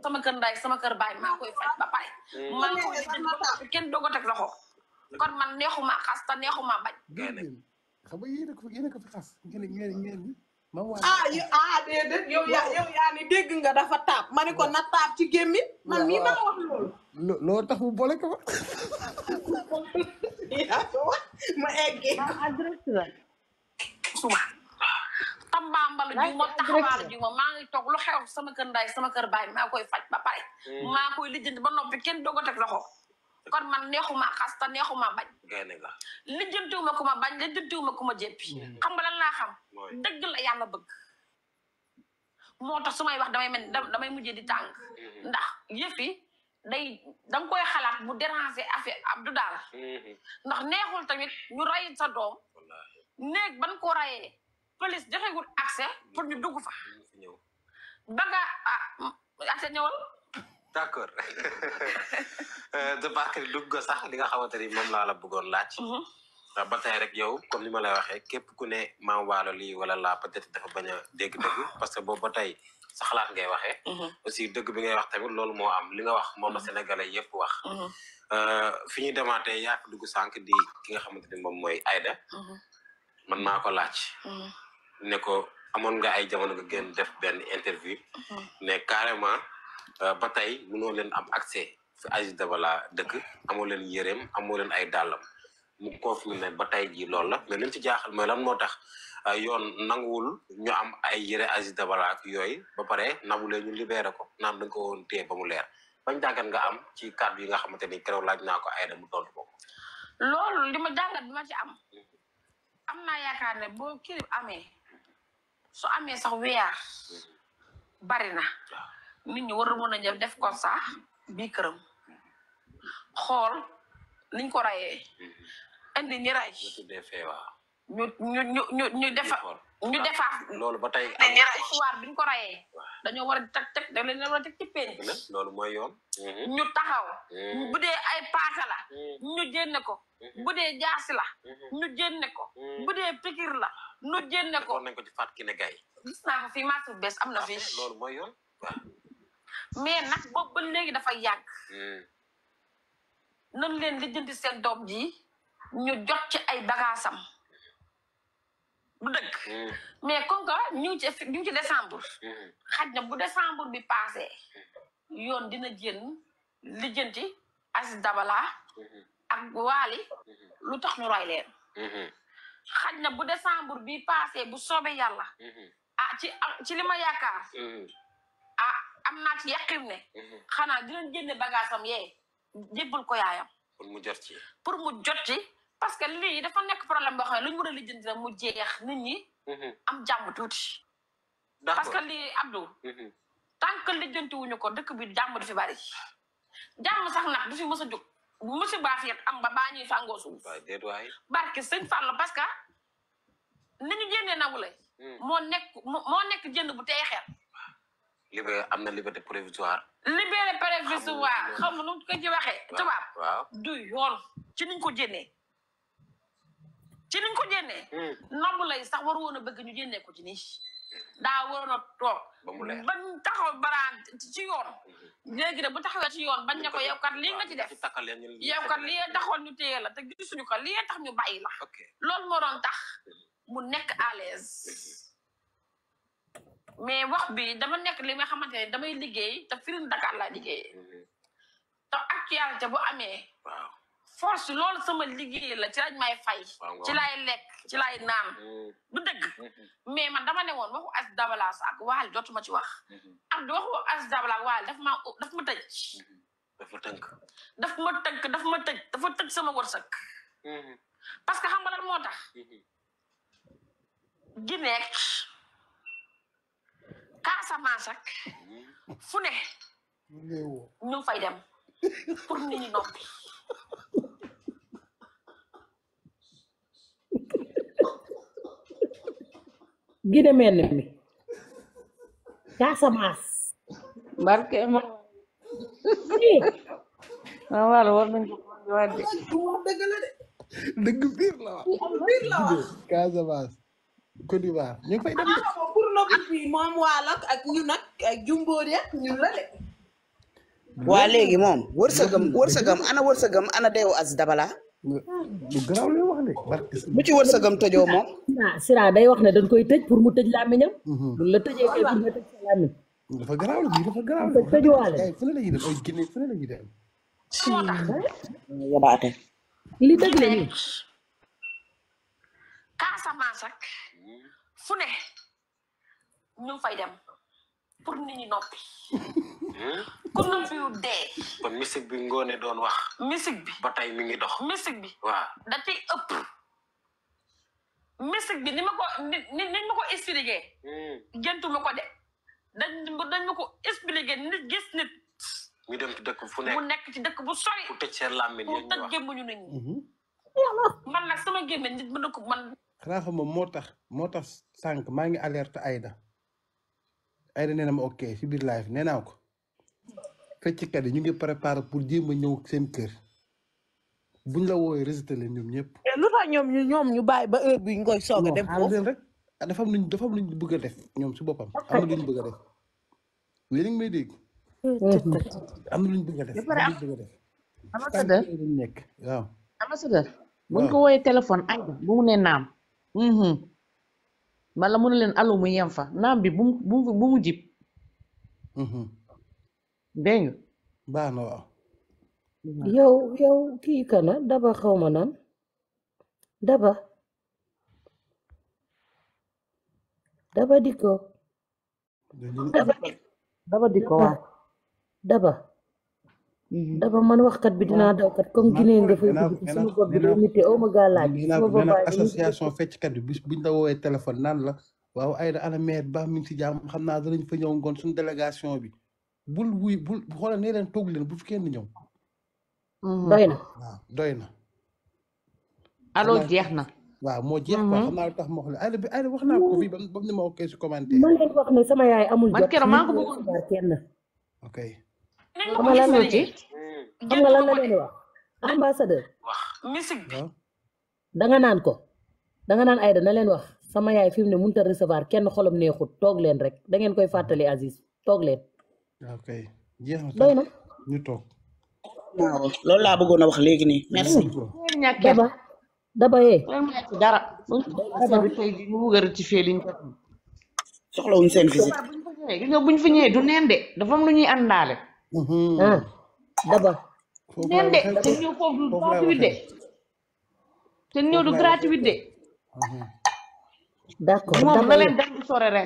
sama ndaay sama kër baay maa koy faj ba pare. Mhm. maa koy faj kenn doog a teg loxo. kon ma neexuma xas te neexuma bañ. xam nga yéen a ko fi yéen a ko xas ngeen ngeen ma ah yow ah déedéet yow yaa yow ni dégg nga dafa taab ma ko na taab ci gémmi man mii maa wax loolu. loo loo tax mu boole ko fa. ma eggi. ma adresse suba. Tambambalu ji ma taxawaalu ji ma maa ngi toog lu xew sama kër ndaay sama kër baay maa koy faj ba pare. Mm. maa koy lijjanti ba noppi kenn doog a teg loxo. kon man neexuma xas te neexuma bañ. lijjantiw ma ku ma bañ lijjantiw ma ku ma jéppi. Mm. xam nga lan laa xam. dëgg la yàlla bëgg. moo tax su may wax damay mel damay mujjee di tànk mm-hmm. ndax yëf yi day da koy xalaat bu déranger affaire Abdou daal. Mm-hmm. ndax neexul tamit ñu rey sa doom. néeg ban ko rayee police joxewul accès pour ñu dugg fa. danga mm-hmm. ah, accès ñëwal. d' accord lu dugg sax li nga xamante la bëggoon mhm. rek yow comme ni ma lay waxee képp ku ne wala laa peut-être dafa bañ dégg-dégg parce que boobu ba tey sa ngay waxee. Mhm. aussi dëgg bi ngay wax tamit loolu moo am li nga wax mhm. euh, di ki nga xamante ni Aida. man maa ko ne ko amoon nga ay jamono nga def ben interview. ne carrément. Euh, ba tey mënoo leen am accès fi Aziz Dabala dëkk amoo leen yéreem amoo leen ay dàllam mu confirmé ba tey jii loolu la mais ci jaaxal mooy lan moo tax euh, yoon nanguwul ñu am ay yére Aziz Dabala ak yooyu ba pare nangulee ñu libéré ko naan dañ ko woon ba mu leer bañ jàngat nga am ci kàddu yi nga xamante ni keroog laaj naa ko ay mu tontu ko. loolu li ma jàngat bi ci am am naa yaakaar ne boo kilib amee su amee sax weyaar bari na. nit ñi war mën a jël def ko sax bii këram xool niñ ko rayee mm-hmm. ni ñi ray ñu ñu ñu ñu ñu defa ñu defaa loolu ba tey ñi ray soir biñ ko rayee dañoo war a teg teg da leen war ci penc loolu mooy yoon mm-hmm. ñu taxaw mm-hmm. bu dee ay paaka la ñu jénne ko bu dee jaasi la ñu ne ko bu dee pikir la ñu jën ko nañ ko ci faat ki ne gay gis naa ko fii marché bu bees am na fii loolu mooy yoon mais nag boobu ba léegi dafa yàgg. Hmm. nan leen lijjanti seen doom ji ñu jot ci ay bagaasam bu dëgg. Hmm. mais comme ñu ngi ci ñu ngi ci décembre. Hmm. xaj na bu décembre bi passé yoon dina génn lijjanti Aziz Dabala ak Waly lu tax ñu roy leen. xaj na bu décembre bi passé bu soobee yàlla. ah ci ci li amna ci yakim ne. Mhm. xana dinañ jënd bagage am yee jébbal ko yaayam. pour mu jot ci. pour mu jot ci parce que li dafa nek problème bo xamne ne lu ñu war a la mu jeex nit ñi. Mhm. am jamm tuuti. parce que li Abdou. Mhm. tant que lijjanti wuñu ko dekk bi jamm du fi bari. jamm sax nak du fi mësa juk jóg bu mës a baax am ba bañuy ñuy sàngoo barke sëñ Fallou parce que nañu ñu na wulay mo nek mo nek jënd bu téxel libéré am na liberté provisoire. libéré provisoire xam nga nu ko ci waxee. tubaab waaw du yoon ci niñ ko jëndee. ci niñ ko jëndee. Hmm. nomb lay sax war woon a bëgg ñu jëndee ko ci nii. daa waroon a toog. ba mu leer ba taxaw baraan ci yoon. Hmm. léegi nag bu taxawee ci yoon bañ ne ko yow kat lii nga ci def. yow kat lii taxoon ñu téye la te gisuñu ko lii tax ñu bàyyi la. loolu moo doon tax mu nekk à l'aise hmm. mais wax bi dama nekk li nga xamante ne damay liggéey te firim Dakar laa liggéey mm-hmm. te actualité bu amee force loolu sama liggéey la ci lañ may fay ci lay lekk ci laay naan mm-hmm. du dëgg mm-hmm. mais man dama ne woon waxu as dabalaas ak waal jotuma ci wax ak di waxu as dabala ak daf ma tëj daf ma tënk daf ma tëj dafa tëj sama wërsëg parce que xam nga lan moo tax gineek Casamance ak fu ne ñu ngi fay mi Casamance barke ma ma war war nañ ko dëgg Casamance Côte d'Ivoire ñu ngi fay dem pour moom waa lak ak ñu nag ak jumboor de. waa léegi moom wërsëgam wërsëgam ana wërsëgam ana deewu as dabala. Ah, lu garaaw lay wax ci wërsëgam tëjoo moom. Sira day wax ne dañ koy tëj pour mu tëj làmmiñam. buñ mhm. la tëjee kay pour li dëgg la fu ne ñu fay dem pour nit ñi noppi. Hmm? ku ñu fi dee. kon musique bi ngoone doon wax. musique bi ba tey mi ngi dox. musique bi waaw da tey ëpp. musique bi ni ma ko ni ni ma ko expliqué. Hmm. géntu ma ko de dañ dañ ma ko expliqué nit gis nit. ñu dem ci dëkk fu nekk mu nekk ci dëkk bu sori. ku tëj seen làmmiñ ñu wax ku tëj gémmiñu nit ñi. Mhm. man nag sama gémmiñ nit mën na man. xanaa xam moom moo tax moo tax sànq maa ngi alerte Aïda Aïda nee na ma ok si biir live nee naa ko fecckat yi ñu ngi préparé pour jéem a ñëw seen kër buñ la wooyee résultat leen ñoom ñëpp. Eh, lu tax ñoom ñu ñoom ñu bàyyi ba heure bi ñu koy soog a dem foofu rek dafa am luñ dafa bëgg def ñoom si boppam. am na luñ bëgg a def yéen a ngi may dégg. Mm-hmm. am na luñ bëgg a def am luñ a buñ ko wooyee téléphone añ bu ne naam. mhm bala mu ne leen alu mu yem fa naam bi bu mu bu mu jib mhm. dégg nga baax na waaw yow yow kii kana daba xaw ma nan daba daba dikko daba dikko waaw daba Mhm. dafa man waxkat bi dinaa dawkat comme Guinée nga fay dugg sama bopp bi limité aw ma gaa laaj association bi bis buñ la woowee téléphone naan la waaw Aïda ala maire ba mi ngi si jàmm xam naa danañ fa ñëw ngoon suñu délégation bi bul wuy bul xoolal nee leen toog leen bu fi kenn ñëw mhm. doy na waaw doy na alors jeex na waaw moo jeex quoi mhm. tax ma bi wax naa ko fii ba mu man leen wax ne sama yaay amul jot man xam nga lan la leen wax ambassadeur danga naan ko danga naan Aïda na leen wax sama yaay fi mu ne mënut a recevoir kenn xolam neexut toog leen rek da ngeen koy fàttali Aziz toog leen ok doy na toog loolu laa bëggoon a wax léegi nii merci daba daba yee eh. dara bi tey ji ñu wugër ci am lu ñuy àndaale Ah, d'abord. foofu laay waxee de seen ñëw foofu du gratuit de. seen ñëw du gratuit de. moom da leen dem du sore ma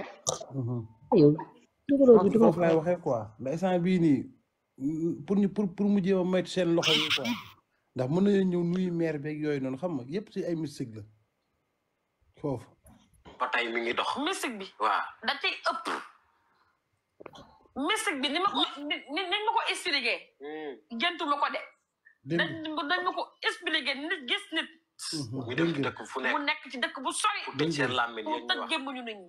foofu laay waxee quoi mais instant bii nii pour ñu pour pour mu seen loxo yi quoi ndax mën nañu ñëw nuyu maire beeg yooyu noonu xam nga yëpp si ay mystique la foofu. ba tey ngi dox. mystique bi waaw da tey ëpp. mystique bi ni ma ko ni nañ ma ko expliqué. Hmm. géntu ma ko de. dañ ma ko expliqué nit gis nit. ñu mhm. def dëkk fu nekk nekk ci dëkk bu sori. dëgg la pour tëj gémmiñu nit ñi.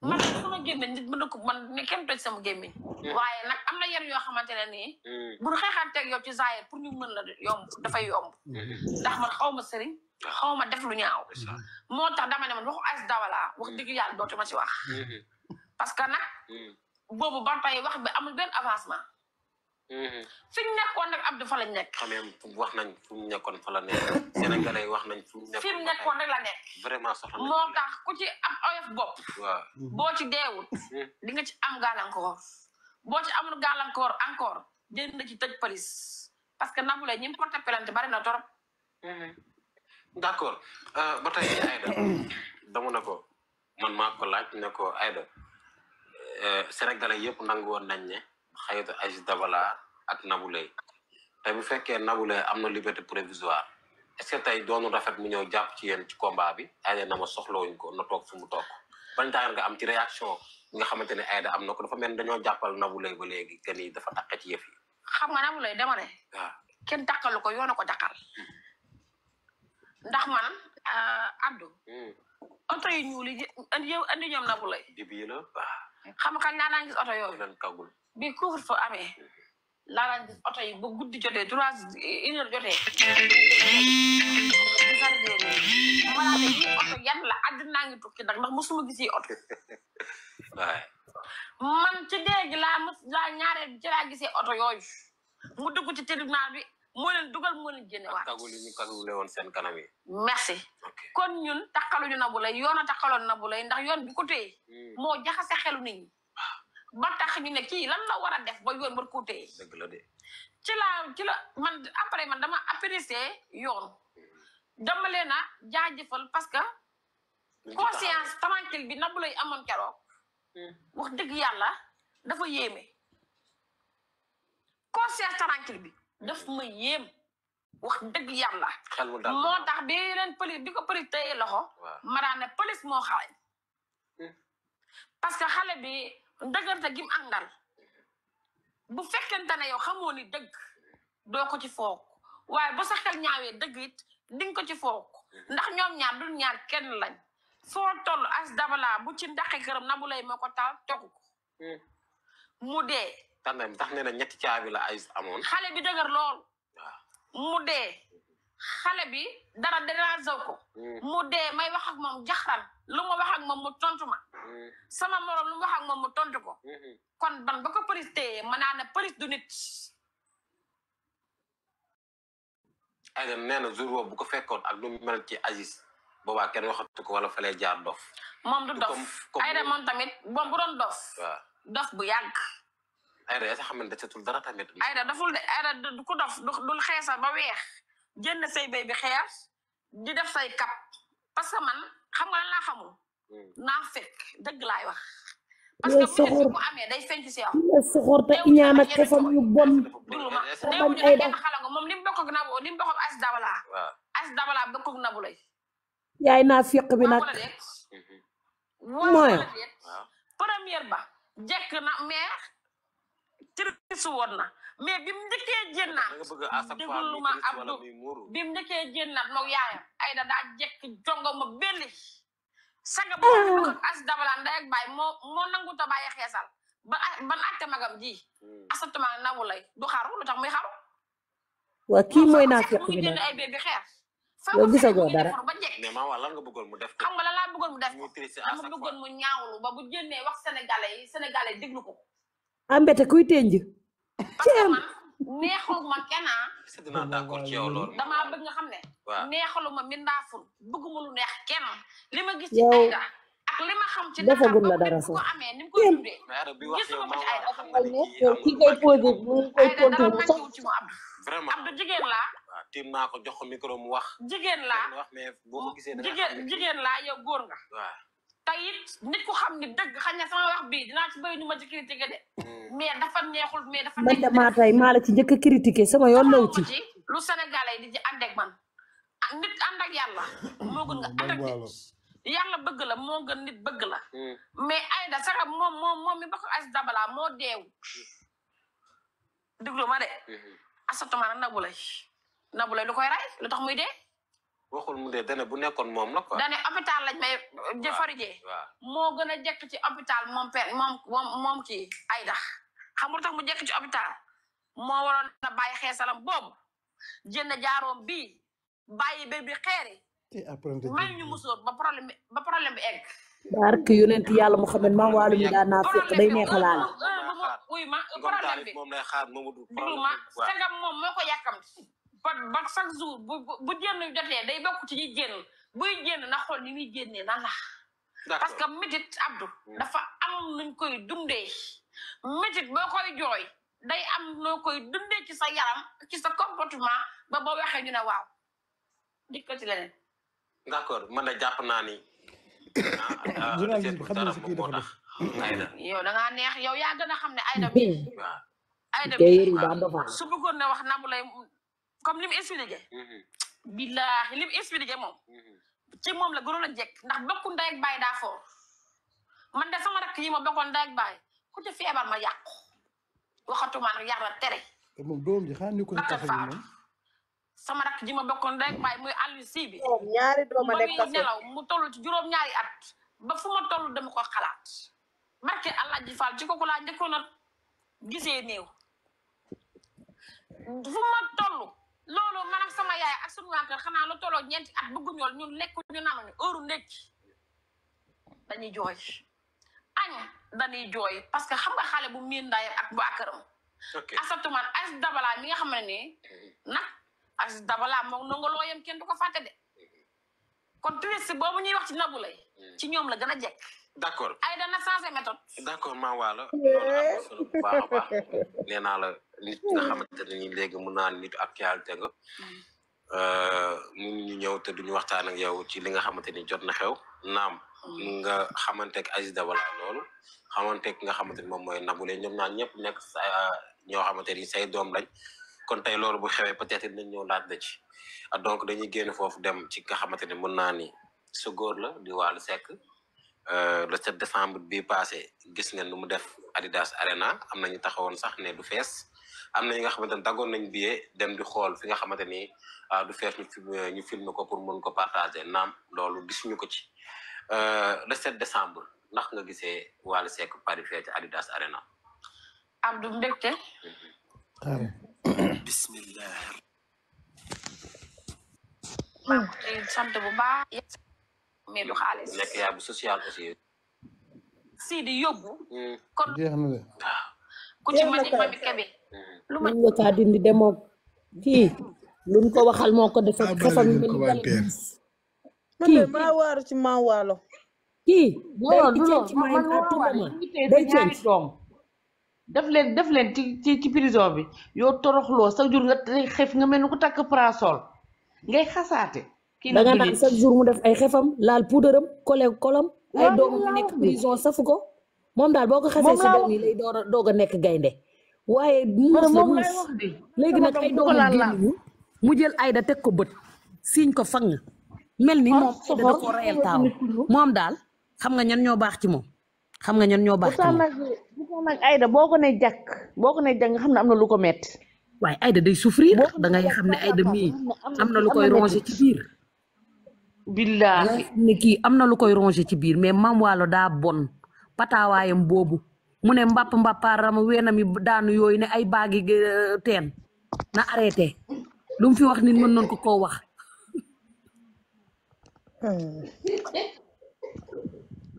man sama gémmiñ mën na ko man ne kenn toj sama gémmiñ. Hmm. waaye nag am na yenn yoo xamante ne nii. Hmm. bu ñu xeexanteeg yow ci zaahir pour ñu mën la yomb dafay yomb. Mhm. ndax man xaw ma sëriñ. Ah. xaw ma def lu ñaaw. moo tax dama ne man waxu as dawala wax dëgg yàlla dootuma ci wax. parce que nag. boobu ba tey wax bi am benn avancement. Mhm. fi ñu nekkoon nag Abdou fa lañ nekk. xam wax nañ fu mu nekkoon fa la nekk. wax nañ fu mu nekkoon fi mu nekkoon la nekk. vraiment soxla nañ moo tax ku ci am oyof bopp. Mhm. boo ci deewul. Mhm. di nga ci am gàllankoor. boo ci amul gàllankoor encore jënd ci tëj palis parce que Nabou Leye ñi mu porté plainte bari na torop. d' accord euh, ba tey Aïda dama na ko laaj ne ko Aïda. Eh, sénégalais yépp nangu woon nañ ne xayitu Aziz Dabala ak nabulay tay bu fekkee nabulay Leye am na liberté provisoire est ce que tay doonu rafet mu ñëw jàpp ci yéen ci combat bi Aida na ma soxlawuñ ko na toog fu mu toog bañ taar nga am ci réaction nga xamante ne Aida am na ko dafa mel dañoo jàppal nabulay ba léegi que ni dafa taq ci yëf yi. xam nga nabulay dama ne. kenn dàqalu ko yoona ko dàqal. Hmm. ndax man eh, Abdou. Hmm. oto yu ñuul yi andi ñoom nabulay. dibi la xam nga naa laanaan gis oto yooyu. lan kagul bi couvre feu amee laanaan gis oto yi ba guddi jotee trois une heure jotee. ma ne oto yan la àddina ngi tukki nag ndax mosuma gis yi oto. man ci dégg laa mos laa ñaareel ci laa gisee oto yooyu mu dugg ci tribunal bi. moo leen dugal moo leen génne waat. tagul ñu tagule woon seen kanam yi. merci kon ñun takkaluñu Nabou Leye yoon a takkaloon Nabou Leye ndax yoon bi ko hmm. moo jaxasee xelu nit ñi. ba tax ñu ne kii lan la war a def ba yoon war koo téye. dëgg la de. la man après man dama apprécier yoon. Hmm. dama leen a jaajëfal parce que. conscience tamantil bi Nabou lay amoon keroog. Hmm. wax dëgg yàlla dafa yéeme. conscience tamantil bi. daf ma yéem wax dëgg yàlla moo tax bi leen police bi ko police tey loxo maanaam ne police moo xale parce que xale bi dëggante gim àndal bu fekkente ne yow xamoo ni dëgg doo ko ci foog waaye bu sa xel ñaawee dëgg it dinga ko ci foog ndax ñoom ñaar du ñaar kenn lañ foo toll as dabala bu ci ndaxi këram na bu lay moo mm. mu dee tànn tax nee na ñetti caabi la ay amoon. xale bi dëgër lool. mu dee xale bi dara dérangé ko. Hmm. mu dee may wax ak moom jaxran lu ma wax ak moom mu tontu hmm. sama morom lu ma wax moom mu tontu ko. Hmm. kon ban ba ko police téye ma naa ne police du nit. aywa nee na jour boobu bu ko fekkoon ak lu mu mel ci Aziz boobaa kenn waxatu ko wala fa lay jaar dof. moom du dof aywa moom tamit moom bu doon dof. dof bu yàgg. Aida yaa xamante setul dara tamit. Aida daful de Aida du ku dof dul xeesal ba weex jënd say béy bi xees di def say kap parce que man xam nga lan laa xamul. naa fekk dëgg laay wax. parce que bu dee ko amee day feeñ ci yow. nga soxor te ñaan ak kefam yu bon. déglu ma Aida xala nga moom ni mu bokk ak Nabou ni mu bokk ak Aziz Dabala. Aziz Dabala bokk ak Nabou lay. yaay bi première ba na tris woon na mais bi mu njëkkee jënnaat déglu ma Abdou bi mu njëkkee jënnaat moog yaayam Aida daa jekk jongo ma belli saga bu hmm. as dabalaan nday ak baay moo moo nanguta bàyyi xeesal ba ban atte magam ji hmm. asatuma nawu lay du xaru lu tax muy xaru waa kii mooy naa fekk bi mudaf, ay bébé xeer yow gisagoo dara ba jekk xam nga la laa ah mbete kuy tënj. ceeb neexaluma kenn ah. dinaa d'accord yow loolu. damaa bëgg nga xam ne. ma waaw naa mindaaful bëgguma lu neex kenn li ma gis. ci Aïda ak xam ci dafa gën la dara sax. gisuma ci Aïda xam nga ki koy posé mu ngi koy continué sax. vraiment Abdou jigéen laa. tiim naa ko jox ko micro mu wax. jigéen la wax boo ma gisee jigéen la laa yow nga. te it nit ku xam ni dëgg xañ na sama wax bii dinaa ci bëri ñu ma ci critiqué de. Hmm. mais dafa neexul mais dafa. man damaa tey ci njëkk a critiqué sama yoon law ci. lu Sénégalais di ci ànd ak man ah, nit ànd ak yàlla moo gën nga hmm, nit yàlla bëgg la moo gën nit bëgg la. Hmm. mais Aida sax moom moom moom mi bokk as dabala moo deew déglu ma de. asatuma na nabulay nabulay lu koy ray lu tax muy dee. waxul mu dee dana bu nekkoon moom la quoi. dane hôpital lañ may. jëfarijee moo gën a jekk ci hôpital moom père moom moom kii Aida xam tax mu jekk ci hôpital moo waroon na bàyyi xeesalam boobu jënd jaaroom bii bàyyi béy bi xeeri. may musóor ba problème bi ba problème bi egg. barke yonent yàlla Muhammad maa wàllu daan naa fekk day neexalaal. Euh, euh, euh, problème bi moom lay xaar moom du. problème bi moom moo ko yàkkamti ba ba chaque jour bu bu génn jotee day bokk ci ñuy génn buy génn na xool ni muy génnee na la parce que métit abdu mm. dafa am nuñ koy dundee métit boo koy jooy day am noo koy dundee ci sa yaram ci sa comportement ba boo waxee ñu ne waaw dik ko ci leneen d'accord man da jàpp naa ni ah, journaliste na yow da neex yow yaa gën a xam ne ayda bi ayda bi su bëggoon ne wax namu lay comme li mu expliqué. Mm-hmm. billaahi li mu expliqué moom. Mm-hmm. ci moom la gënoon a jekk ndax bokku ndey ak baay daa foor rakk yi ma bokkoon da ak baay ku ci feebar ma yàqu waxatuma nag yàlla tere. te moom doom sama rakk ji ma bokkoon ndey ak muy àll si bi. mu toll ci juróom ñaari at ba fu ma toll dama ko xalaat. barke allah faal ci kooku laa njëkkoon a gisee néew fu ma toll. loolu man sama yaay ak suñu wanteer xanaa lu tolloog ñeenti at bëggu ñool ñu lekk ñu nanuñu heure ndekki dañuy jooy añ dañuy jooy parce que xam nga xale bu miin ndaay ak bu akaram asatuman as dabalaa mi nga xam ne nii mhm. nag as dabalaa moom nonga loo kenn du ko fàtte de mhm. kon touriste boobu ñuy wax ci nabu lay mhm. ci ñoom la gën a jekk d' accord ay dana changé méthode d' accord maa loolu am na solo baax baax nee naa la nit nga hmm. xamante ne nii léegi mun naa nitu actualité nga ñu hmm. euh, ñu ñëw te duñu waxtaan ak yow ci li nga xamante ni jot na xew naam hmm. nga xamante ak Aziz Dabala loolu xamante nga xamante ni moom mooy nabule ñoom ñaar ñëpp nekk ñoo ni say doom lañ kon tey loolu bu xewee peut-être nañ ñëw laaj la ci ah, donc dañuy génn foofu dem ci nga ni mën ni sa góor la di Wally Seck euh, le 7 décembre bi passé gis def Adidas Arena am nañu sah sax ne du am na ñi nga xamanteni ne daggoon nañ billet dem di xool fi nga xamanteni du fees ñu ñu filmer ko pour mën ko partager naam loolu gisuñu ko ci le 7 décembre ndax nga gisee Wally Seck Paris fee ci Adidas Arena. Abdou Mbégte. bismillah. sant bu baax. mais du xaalis nekk yaa bu social aussi. Sidi yóbbu. kon jeex na de. ku ci mën a mën lu ma nga caa dindi demoo kii luñ ko waxal moo ko def ak xefam kii maa ci maa waalo kii day change doom def leen def leen ci ci ci prison bi yow toroxloo sa jur nga xef nga mel ni ku takk parasol ngay xasaate kii da nga naan chaque jour mu def ay xefam laal puudaram kole kolam ay doom nekk prison safu moom daal boo ko xasee si doom yi lay doog a nekk gaynde waaye muus léegi nag ay mu jël Aida teg ko bët siiñ ko fang mel ni moom Aida da koo moom daal xam nga ñan ñoo baax ci moom xam nga ñan ñoo baax ci moom boo ko ne jàkk boo ko ne jàkk nga xam ne am na lu ko metti waaye Aida day souffrir da ngay xam ne Aida mii am na lu koy rongé ci biir billaahi ne kii am na lu koy rongé ci biir mais mam walo daa bon pataawaayam boobu mu ne mbàpp mbàppaaram weenam yi daanu yooyu ne ay baagi teen na arrêté lu mu fi wax nit mën noonu ko koo wax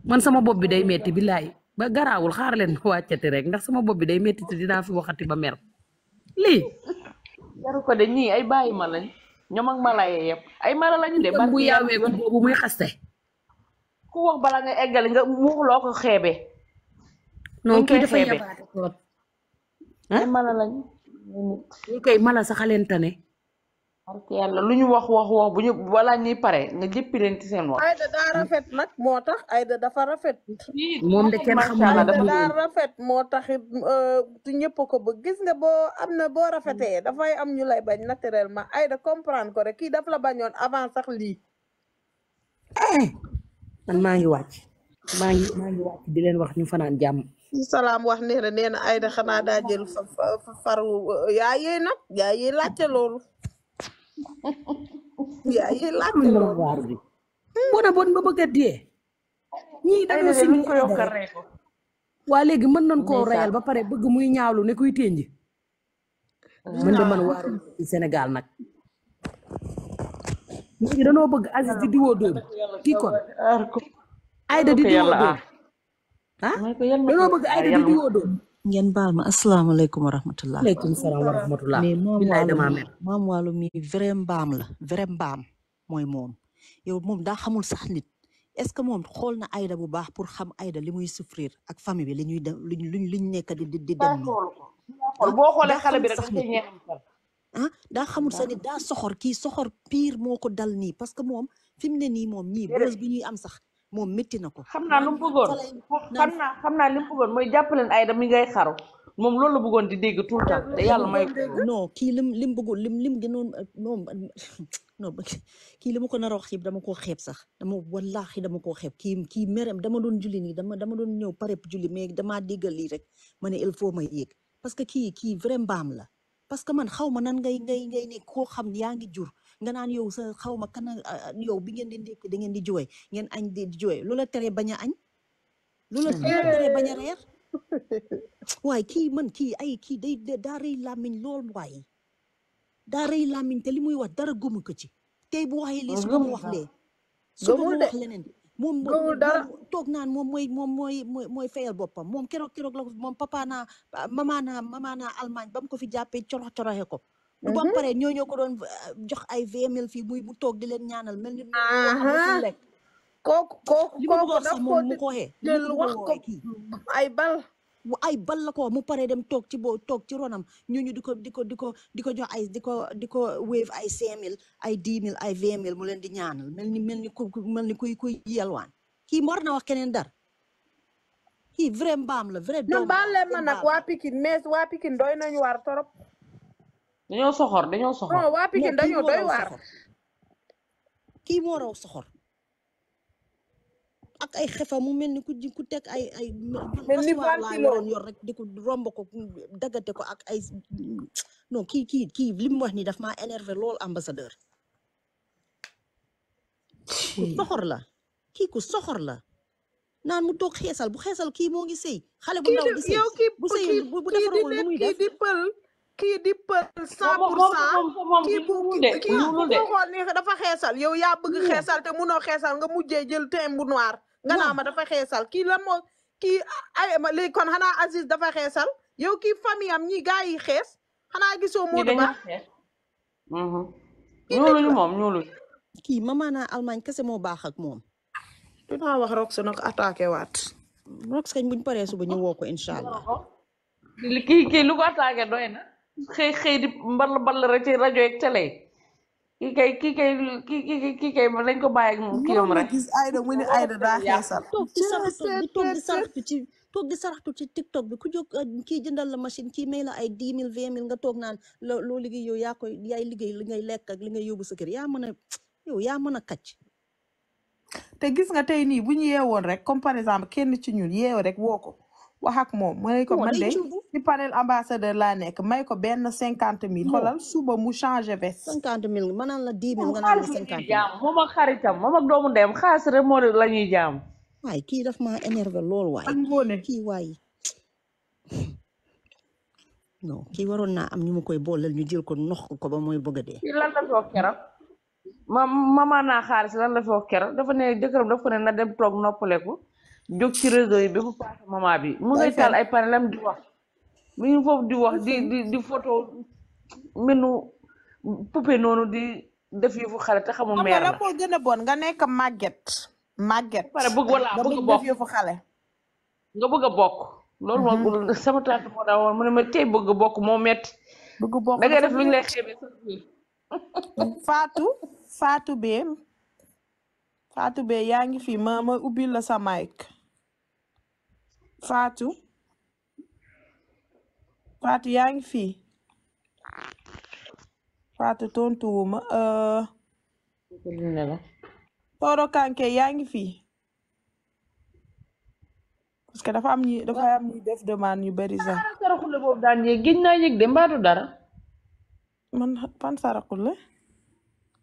man sama bopp bi day metti billaay ba garaawul xaar leen ma wàccati rek ndax sama bopp bi day metti te dinaa fi waxati ba mer lii jaru ko de ñii ay bàyyi ma lañ ñoom ak mala yee ay mala lañu de muy xaste ku wax bala nga eggali nga wax loo ko xeebe non kii dafa yabaate trop mala lañ ñu koy mala sa xalentane parce que lu ñu wax wax wax bu ñu balaa ñuy pare nga jëpp leen ti seen wax ayda daa rafet nag moo tax ayda dafa rafet moom de kenn xam rafet moo taxit tu euh, ñëpp ko bëgg gis nga boo am na boo rafetee dafa am ñu lay bañ ma ayda comprendre ko rek kii daf la bañoon avant sax lii eh, man maa ngi wàcc maa ngi di leen wax ñu fanaan jàmm salam wax ne re neena na Aida xanaa daa jël faru yaa yee nag yaa yee laajte loolu yaa yee laajte loolu. Hmm. bon ba bëgg a dee. da nga ko wa légui mën nañ ko reyal ba paré bëgg muy ñaawlu ne kuy tënj. mën de man waaru Sénégal ñi da no bëgg Aziz di diwoo doom kii kon Aida di diwo doom. bëgg ay da di ngeen baal ma asalaamaaleykum wa rahmatullah aleykum salaam wa mais moom maam mi vrai mbaam la vrai mbaam mooy moom yow moom daa xamul sax nit est ce que moom xool na Aida bu baax pour xam Aida li muy souffrir ak famille bi li ñuy dem luñ luñ luñ nekk di di di dem boo ah? daa xamul sax nit daa soxor kii soxor piir moo ko dal nii parce que moom fi mu ne nii moom ñii bës bi ñuy am sax moom métti na ko. xam naa lu mu bëggoon naa xam naa li mu mooy jàppaleen Aïda mi ngay xaru moom loolu la bëggoon di dégg tout le temps te yàlla may. non kii lim lim bëggoon lim lim gënoon non non kii li ma ko nar a wax yëpp dama koo xeeb sax dama wallaahi dama koo xeeb kii kii merem dama doon julli nii dama dama doon ñëw pare juli mais damaa déggal lii rek ma ne il faut ma yéeg parce que kii kii vrai mbaam la parce que man xaw ma nan ngay ngay ngay ne koo xam yaa ngi jur. nga naan yow sa xaw ma kan ah, ah, yow bi ngeen di ndékki da ngeen di jooy ngeen añ di jooy loola la tere bañ añ lu mmh. tere bañ reer waaye kii man kii ay kii day daa làmmiñ lool waaye daa rëy làmmiñ te li muy wax dara gëmu ko ci tey bu waxee lii wax de su ko leneen moom toog naan moom mooy moom mooy mooy fayal boppam moom keroog keroog la moom papa naa ah, mama naa mama naa ba mu ko fi jàppee corox coroxe ko ba pare ñoo ñoo ko doon eh, jox ay vingt mille fii muy toog di leen ñaanal mel ni. lekk kooku kooku kooku mu ko waxee. ay bal. la ko mu paree dem toog ci boo toog ci ronam ñooñu di ko di ko di ko di ko jox ay di ko di ko wave ay cinq mille ay dix mille ay vingt mu leen di ñaanal mel ni mel ni ku mel ni kuy kuy yalwaan kii war na wax keneen dar. kii vrai mbaam la vrai doom. mbaam la mbaam la nag waa Pikine mais waa Pikine doy nañu waar torop. dañoo soxor dañoo soxor. non waa kii moo soxor. ak ay xefa mu mel ni ku ji ku teg ay ay. mel ni laa waroon di ko romb ko ak ay kii kii kii li wax nii daf maa énervé lool ambassadeur. ku soxor la kii ku soxor la naan mu toog xeesal bu xeesal kii moo ngi sëy xale bu ndaw di sëy bu sëy bu defarul lu kii di pël cent pour cent kii bu kii dafa xeesal yow yaa bëgg xeesal te munoo xeesal nga mujjee jël teint bu noir nga naa ma dafa xeesal kii la moo kii ay ma léegi kon xanaa dafa xeesal yow kii famille am ñi gaa yi xees xanaa gisoo Modou Ba mhm. ñuuluñu moom ñuuluñu kii mamaanaa Allemagne kese moo baax ak moom dinaa wax Rox nag attaqué waat Rox kañ buñ paree suba ñu woo ko incha allah kii kii xëy xëy bala mbal mbal rek ci rajo yeeg télé yi kii kay kii kay kii kii kii kay nañ ko bàyyi ak kiyam gis Aida mu ne Aida daa xeesal. toog di saraxtu toog ci toog di bi ku jóg euh, kii jëndal la machine kii may la ay dix mille nga toog naan loo liggéey yow yaa koy yaay liggéey li ngay lekk ak li ngay yóbbu sa kër yaa mën a yow yaa mën a kàcc. te gis nga tey nii bu ñu yeewoon rek comme par exemple kenn ci ñun yeew rek woo ko. wax ak moom ma ko oh, man de ci panel ambassadeur laa nekk may ko benn cinquante mille xoolal mu changé veste cinquante mille ma naan la dix mille nga naan la cinquante mille moom ak xaritam moom ak doomu ndeyam xaalis rek moo la ñuy waaye kii daf ma énervé lool waaye ak ngoone kii waaye kii waroon naa am ñu ma koy booleel ñu jël ko nox ko ba mooy bëgg a dee lan la fi wax ma mama naa xaalis lan la fi wax keroog dafa ne jëkkëram daf ko ne na dem toog noppaleku jog ci réseau yi ba bu paase maman bi mu ngay taal ay panelam di wax mu ngi foofu di wax di di photo menu poupée noonu di def yëfu xale te xamu meer la moo nga nekk màgget màgget pare bëgg wala xale nga bëgg a bokk loolu moo mm-hmm. sama tante moo daa mu ne ma tey bëgg bokk moo met bëgg bokk da ngay def lu ñu lay xeebee sa biir yaa ngi fi ma ma ubbil la sa mic Fatou Fatou yaa ngi fi Fatou tontuwuma euh, Poro Kanké yaa ngi fi parce que dafa am ñi dafa am ñi def demande ñu bari sax. saraxule boobu daan yéeg géej naa yéeg de mbaadu dara. man fan saraxule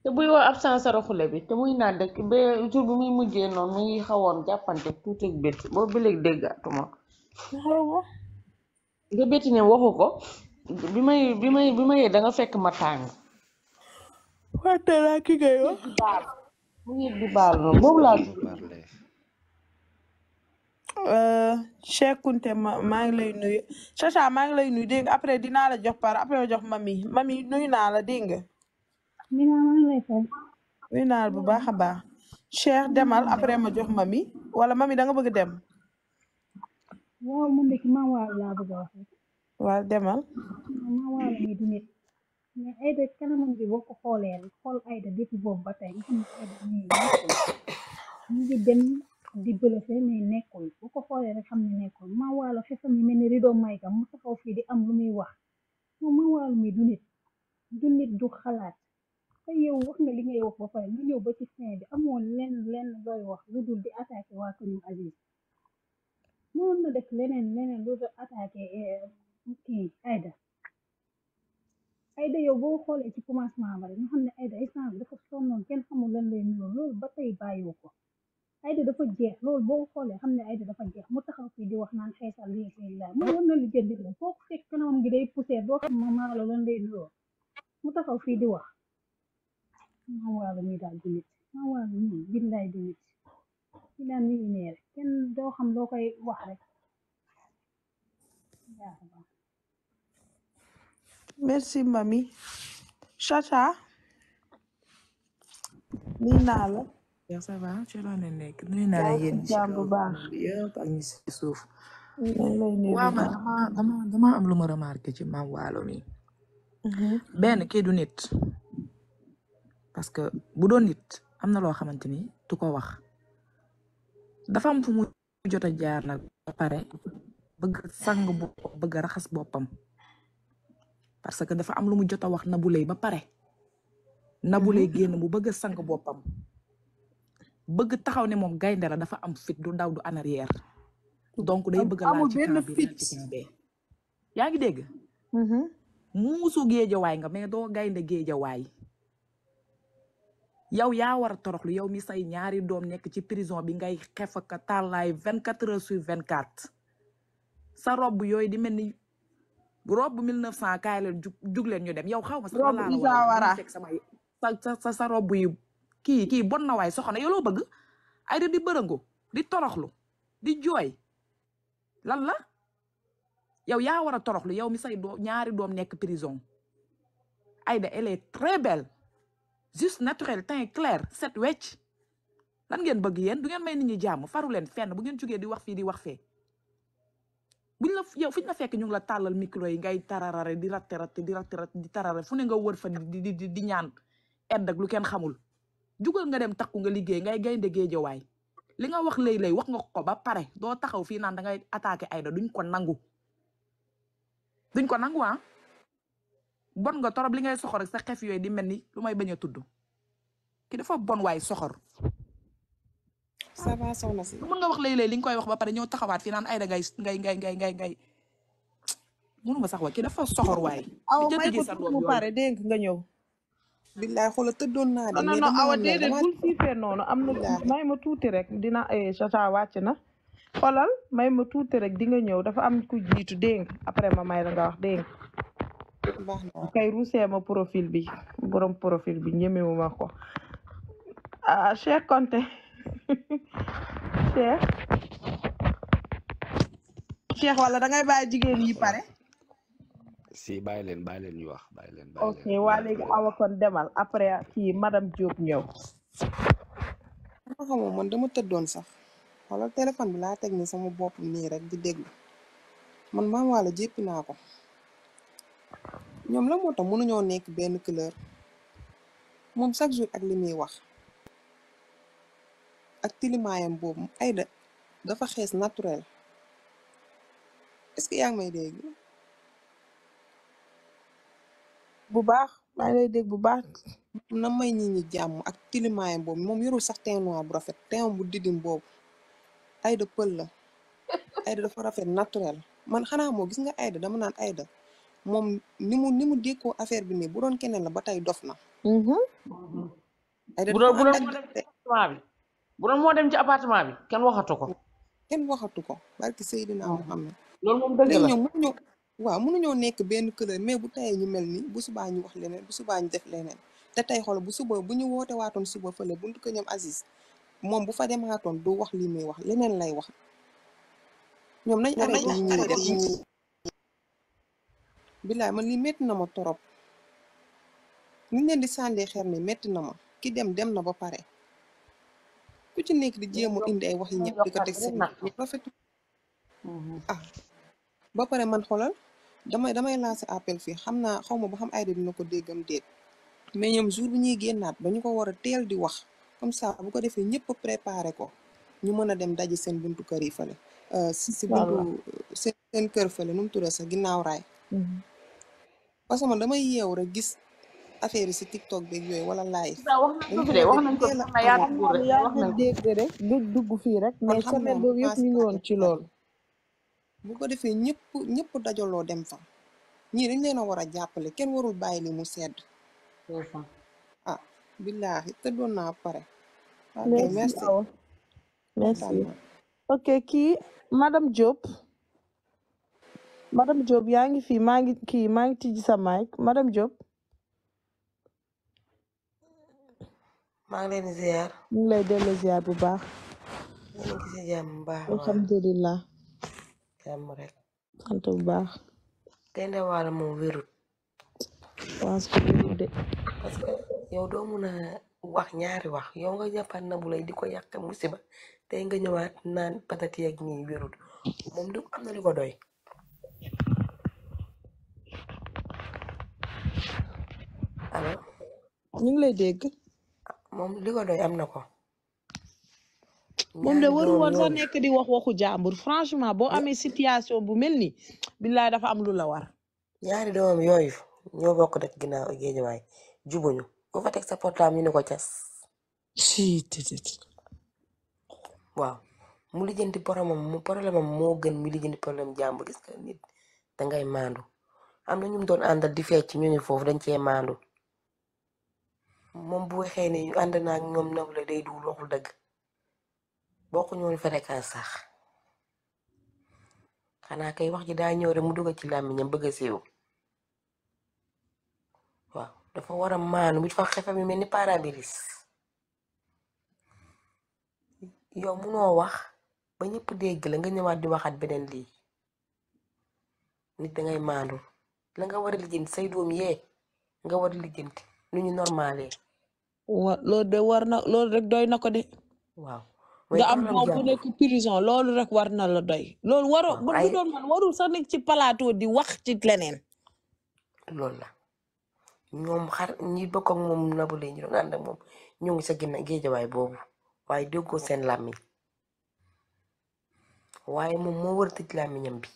te buy wax absence raxule bi te muy naan rek ba jour bi muy mujjee noonu mu ngi xawoon jàppante tuuti ak bétti boobu ba léegi déggaatuma nga bétti ne waxu ko bi may bi may fekk ma tàng wante laa ki ngay wax di baal noonu boobu euh, ma maa ngi lay nuyu Chacha maa ngi lay nuy dégg après dinaa la jox par après ma jox mami mami nuyu naa la dégg nga nuy naar bu baax a baax Cheikh demal après ma jox mami wala mami da nga bëgg dem waaw man de maa waa laa bëgg a waaw demal maa waa la ne du nit mais Aïda kanamam ko xoolee xool Aïda depuis ba tey mu dem di bëlëfe mais nekkul boo ko xoolee rek xam ne nekkul maa waa la fefam yi mel ni mu taxaw fii di am lu muy wax moom maa waa mi du nit du xalaat te yow wax nga li ngay wax ba pare nga ñëw ba ci fin bi amoon lenn lenn looy wax lu dul di attaqué waa kër Aziz mënoon na def leneen leneen lu dul attaqué kii Aïda Aïda yow boo xoolee ci commencement ba rek nga xam ne Aïda instant bi dafa sonnoon kenn xamul lan lay nuyoo loolu ba tey bàyyiwu ko Aïda dafa jeex loolu boo xoolee xam ne Aïda dafa jeex mu taxaw fii di wax naan xeesal lii xëy na mu war na lu jëndi la foo ko fekk kanamam gi day poussé doo xam ma maa la lan lay nuyoo mu taxaw fii di wax. maa waaru ñi daal du nit maa waaru ñi billaay du nit ñi daal millionnaire kenn doo xam loo koy wax rek merci mami Chacha nuyu naa la yow ça va nekk nuyu naa la yéen bu baax yëpp ak ñi suuf waaw man dama am lu ma remarqué ci maam waalo mi mhm. benn kii du nit parce que bu doon nit am na loo xamante ni du ko wax dafa am fu mu jot a jaar nag ba pare bëgg sang boppam bëgg raxas boppam parce que dafa am lu mu jot a wax na bu lay ba pare na bu lay mm-hmm. génn mu bëgg sang boppam bëgg taxaw ne moom gaynde la dafa am fit du daw du en arrière donc day bëgg a ci camp bi laa yaa ngi dégg mm-hmm. muusu géejawaay nga mais doo gaynde géejawaay yow ya wara a toroxlu yow mi say ñaari dom nek ci prison bi ngay xef ak talay 24 heures sur 24 sa robbu yoy di melni robbu 1900 kay la jug jug ñu dem yow xawma sa robbu isa wara sa sa sa yi ki ki bon na way soxna yow lo bëgg ay di bërëngu di toroxlu di joy. lan la yow ya wara a toroxlu yow mi say ñaari dom nek prison ayda elle est très belle juste naturel teint clair set wetch lan ngeen bëgg yeen du ngeen may nit ñi jàmm faru leen fenn bu ngeen jógee di wax fi di wax fe buñ la yow fiñ la fekk ñu ngi la talal micro yi ngay tararare di ratte ratte di ratte ratte di tararare fu ne nga wër fa di di di ñaan edd ak lu kenn xamul jugal nga dem takku nga liggéey ngay gaynde géejawaay li nga wax lay lay wax nga ko ba pare do taxaw fi naan da ngay attaqué Aida duñ ko nangu duñ ko nangu ha ah. bon nga torop li ngay soxor ak sa xef yooyu di mel ni lu may bañ a tudd ki dafa bon waay soxor. ça va soxna si. mën nga wax léeg-léeg li nga koy wax ba pare ñëw taxawaat fii naan ay da ngay ngay ngay ngay ngay ngay mënu ma sax waay ki dafa soxor waay. awa may ko tudd mu pare dénk nga ñëw. billaay xoolal tëddoon naa de. non non awa déedéet bul siifee noonu am na. may ma tuuti rek dina eh, Chacha wàcc na. xoolal may ma tuuti rek di nga ñëw dafa am ku jiitu dénk après ma may la nga wax dénk kay ruusee ma profil bi borom profil bi ñemewu ma ko ah Cheikh conté Cheikh Cheikh wala da ngay bàyyi jigéen yi pare si bàyyi leen bàyyi leen ñu wax bàyyi leen bàyyi leen ok wa légui awa kon démal après kii madame Diop ñew dama man dama teddon sax wala téléphone bi la tégné sama bop ni rek di dégg man mam wala jéppi ko ñom la ta mënu ñoo nekk benn couleur moom chaque jour ak li muy wax ak tilimaayam boobu Aida dafa xees naturel est-ce que yaa ngi may dégg bu baax maa lay dégg bu baax na may ñi ñi jàmm ak tilimaayam boobu moom yorul sax teint noir bu rafet teint bu didim boobu Aida pël la Aida dafa rafet naturel man xanaa moo gis nga Aida dama naan Aida moom ni mu ni mu dékkoo affaire bi nii bu doon keneen la ba tey dof na. Mm-hmm. bu doon bu doon moo dem ci appartement bi kenn waxatu ko. kenn waxatu ko barki Seydina na mm-hmm. loolu moom dëgg la léegi ñoom waaw mënuñoo nekk benn kële mais bu teyee ñu mel nii bu subaa ñu wax leneen bu subaa ñu def leneen te tey xool bu suba bu ñu woote waatoon suba fële buntu ko ñoom Aziz moom bu fa demaatoon du wax lii muy wax leneen lay wax ñoom nañ arrêté yi ñuy def bilaay man li métti na ma torop niñ leen di sànnee xeer ne métti na ma ki dem dem na ba pare ku ci nekk di jéem a indi ay wax yi ñëpp di ko teg seen rafetu ah ba pare man xoolal damay damay lancer appel fii xam naa xaw ma ba xam Aïda dina ko déggam déet mais ñoom jour bi ñuy génnaat ñu ko war a teel di wax comme ça bu ko defee ñëpp préparé ko ñu mën a dem daji seen buntu kër yi fële euh, si si buntu seen kër fële nu mu tuddee sax ginnaaw raay mm-hmm. parce que man damay yeewu rek gis affaire yi si TikTok beeg yooyu wala live. wax nañ de dugg fii rek. mais semaine boobu yëpp ñu ngi woon ci lool bu ko defee ñëpp ñëpp dajaloo dem fa ñii dañ leen war a jàppale kenn warul bàyyi li mu sedd. ah billaahi tëddoon naa pare. Ah, ok merci merci ok kii madame Diop. madame Diop yaa ngi fi maa ngi kii maa ngi tijji sa mic madame Diop. maa ngi leen di lay dellu ziar bu baax. ñu ngi ci bu baax. alhamdulilah. jàmm rek. sant bu baax. Gaynde Waalo moom wérut. parce que wérut de. parce wax ñaari wax yow nga jàppaat na bu lay di ko yàq musiba te nga ñëwaat naan patati ak ñi wérut du am na li ko doy. allo. ñu ngi lay dégg. Ah, moom ko doy am na ko. moom de waru woon sax nekk di wax waxu jàmbur franchement boo amee situation bu mel nii billaay dafa am lu la war. ñaari doom yooyu ñoo bokk rek ginnaaw géejawaay jubuñu ku fa teg sa portable ñu ne ko cas. sii mu lijjanti boromam mu problème am moo gën mu lijjanti problème jàmbur nit da ngay maandu am na doon àndal di fecc ñu ne foofu dañ cee maandu. moom bu waxee ne ànd naa ak ñoom nangu la day duwul waxul dëgg bokkuñu woon fréquence sax xanaa kay wax ji daa ñëw rek mu dugg ci làmmiñam bëgg a siiw waaw dafa war a maanu bi dafa xefe mel ni parabiris yow munoo wax ba ñëpp dégg la nga ñëwaat di waxaat beneen lii nit dangay maandu la nga war a lijjanti say doom yee nga war a lijjanti nu ñu normalee wa loolu de war na loolu rek doy na ko de. waaw nga am doom bu nekk prison loolu rek war na la doy. loolu waroo bu doon man warul sax nekk ci plateau di wax ci leneen. loolu la ñoom xar ñi bokk ak moom Nabou Leye ñu doon ànd ak moom ñoo ngi sa ginnaaw géejawaay boobu waaye déggoo seen làmmiñ waaye moom moo war a tëj làmmiñam bi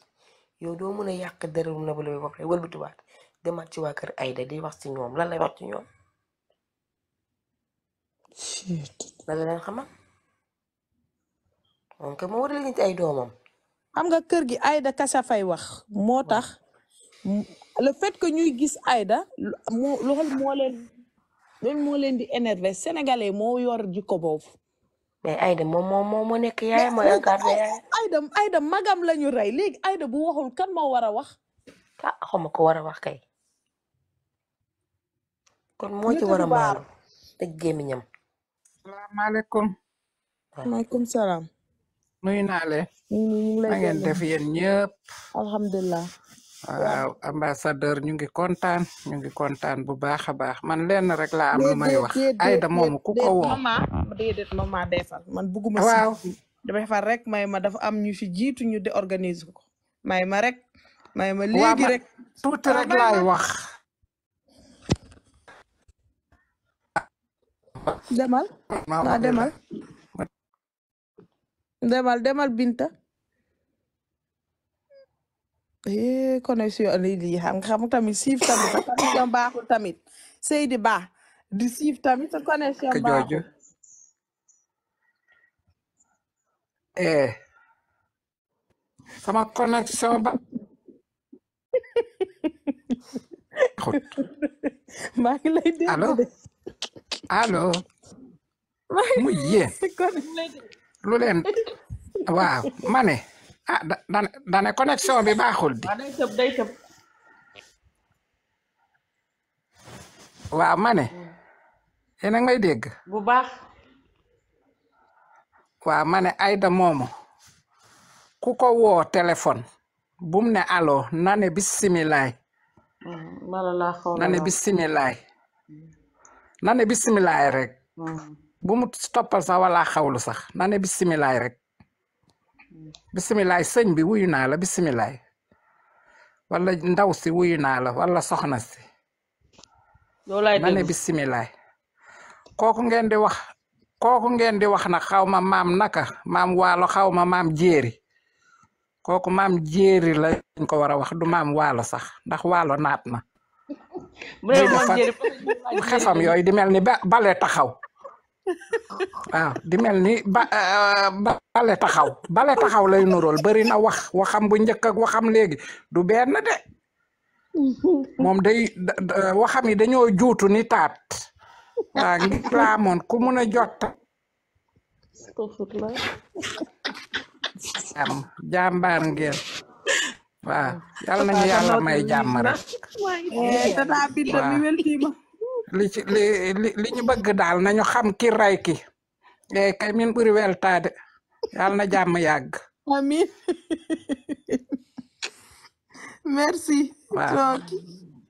yow doo mën a yàq dara Nabou Leye ba pare wëlbatiwaat demaat ci waa kër Aïda di wax ci ñoom lan lay wax ci ñoom. dana leen xamal moom kay moo war a doomam. xam nga kër gi ayda kasa fay wax moo tax le fait que ñuy gis ayda moo moo leen loolu moo leen di énervé sénégalais moo yor jikko boobu. mais Aida moo moo nekk yaay mooy encadré yaay. magam lañu ñu rey léegi Aida bu waxul kan moo war a wax. ah ma ko war a wax kay. kon moo ci war a maaru. te gémmiñam. salaamaaleykum. maaleykum salaam. nuyu naa leen. ñu ngi lay ngeen def yéen ñëpp. alhamdulilah. waaw ambassadeur ñu ngi kontaan ñu ngi kontaan bu baax a baax man lenn rek laa lu may wax. ayda moomu ku ko woo. déedéet mama man bugguma si. waaw damay far rek may ma dafa am ñu fi jiitu ñu de organiser ko ma rek. may ma léegi rek tuuti rek wax. demal waaw ah, demal demal demal Binta eh connexion lii xam nga tamit siif tamit sa connexion tamit Seydi Ba di siif tamit sa connexion baaxul eh sama ba maa ngi lay allo. mu yee. lu leen waaw ma ne ah, da da ne connexion bi baaxul di. waaw ma mm. may dégg. bu baax. waaw ma ne moomu ku ko woo téléphone bum ne allo na ne bisimilaay. na mm, ne bisimilaay. Mm. na ne bisimilaay rek. Mm. bu mu toppal sax wala xawlu sax na ne bisimilaay rek. Mm. bisimilaay sëñ bi wuyu naa la bisimilaay. wala ndaw si wuyu naa la wala soxna si. loolaay na ne bisimilaay. kooku ngeen di wax kooku ngeen di wax na xaw ma maam naka maam waalo xaw ma maam jéeri kooku maam jéeri lañ ko war a wax du maam waalo sax ndax waalo naat na. muy xefam yooyu di mel ni ba bale taxaw waaw di mel ni ba euh, taxaw bale lay nurool bari na wax waxam bu njëkk ak waxam léegi du benn de moom day waxam yi dañoo juutu ni taat waaw ngi laa ku mun a jot am jàmbaar waaw yàlla nañu yàlla may jàmm rek. Eh, danaa bëgg daal nañu xam ki ray ki eh, kay min buri weltaade yàlla na jàmm yàgg. amiin merci. waaw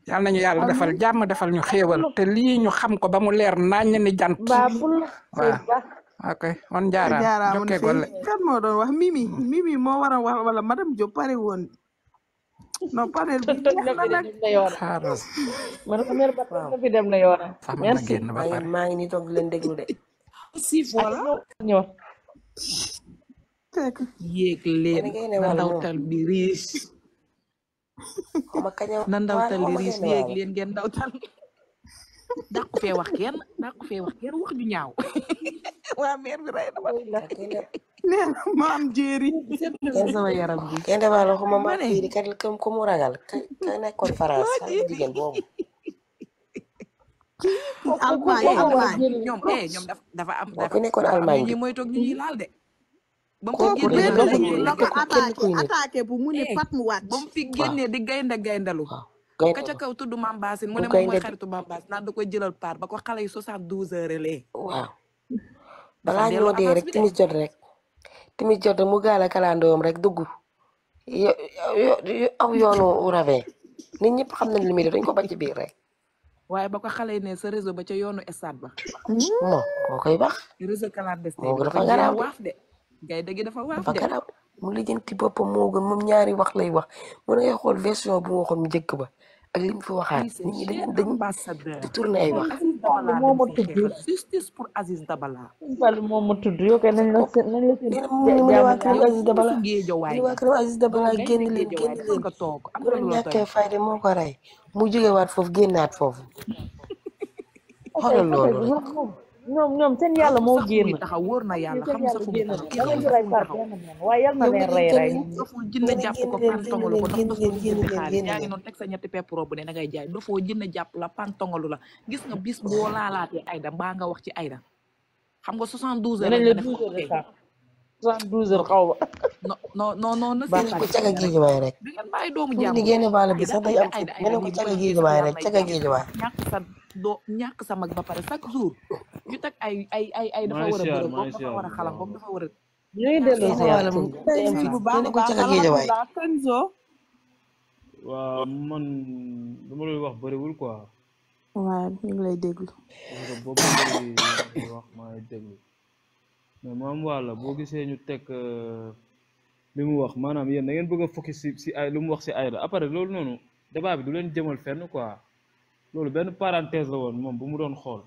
yàlla nañu yàlla defal jàmm defal ñu xéewal te lii xam ko ba mu leer naññ ni jant. baabul waaw. ok on golle kan moo doon wax wala madame Diop woon. non panel bi xaaral man ko mer ba na fi dem na yoona merci maa ngi ni toog leen déglu de si voilà ñor yéeg leen na ndawtal bi riis na ndawtal bi riis yéeg ndawtal daa ko fee wax kenn daa ko wax kenn wax ju ñaaw waa mère bi rey na ma maam jéeri sama yaram la xuma maam jéeri ka ragal ka nekkoon France ak jigéen boobu Allemagne Allemagne ñoom eh ñoom dafa am dafa nekkoon Allemagne ñi mooy toog ñu ñuy laal de ba fi génnee da ko attaqué bu mu ne pat mu wàcc ba mu fi gaynda gayndalu ka ca kaw tudd Mame Bassine mu ne moom mooy xaritu Mame Bassine naan da jëlal part ba ko xale yi soixante-douze heures lee waaw balaa ñoo dee rek timis jot rek timis jot mu gaal a kalandoom rek dugg yo yoonu ravin nit ñëpp xam nañ li muy def dañ ko bañ ci biir rek waaye ba ko xale yi ne sa réseau ba ca yoonu estade ba moo koy wax réseau clandestin dafa garaaw waaf de gay dëgg dafa waaf de mu lijjanti boppam moo gën moom ñaari wax lay wax mun ngay xool version bu waxoon njëkk ba ak li mu fi waxaat nit ñi dañ dañ tourné ay wax. moo ma tudd justice pour Aziz Dabala. moo ma tudd yow kay nañ la seen nañ la seen. waa kër Aziz Dabala waa kër Aziz Dabala moo ko rey mu jógewaat foofu génnaat foofu xoolal loolu. ñoom ñoom seen yàlla moo génn taxaw wóor na yàlla xam sax fu mu taxaw waaye yàlla na leen rey rey dofoo jënd jàpp ko pantongalu ko ndax dofoo jënd xaalis yaa ngi noonu teg sa ñetti pepp robu ne da ngay jaay dofoo jënd jàpp la pantongalu la gis nga bis boo laalaatee Aida mbaa nga wax ci Aida xam nga 72 heures 72 heures xaw ma. non non non non. ba ko caga géej waay rek. da ngeen bàyyi doomu jàmm ni génne baal bi sax day am fu ngeen ko caga géej waay rek caga géej waay. ñàkk doo ñàkk sa mag ba pare chaque jour ñu teg ay ay ay ay dafa war a bëre moom dafa war a xalam moom dafa a. ñu ngi dellu si yàlla a baax alhamdulilah Kenzo. lu ma doon wax bëriwul quoi. waaw ñu ngi mais maam wàlla boo gisee ñu teg euh, li mu wax maanaam yéen da ngeen bëgg a focus si si ay lu mu wax si Aïda après loolu noonu débat bi du leen jëmal fenn quoi loolu benn parenthèse la woon moom bu mu doon xool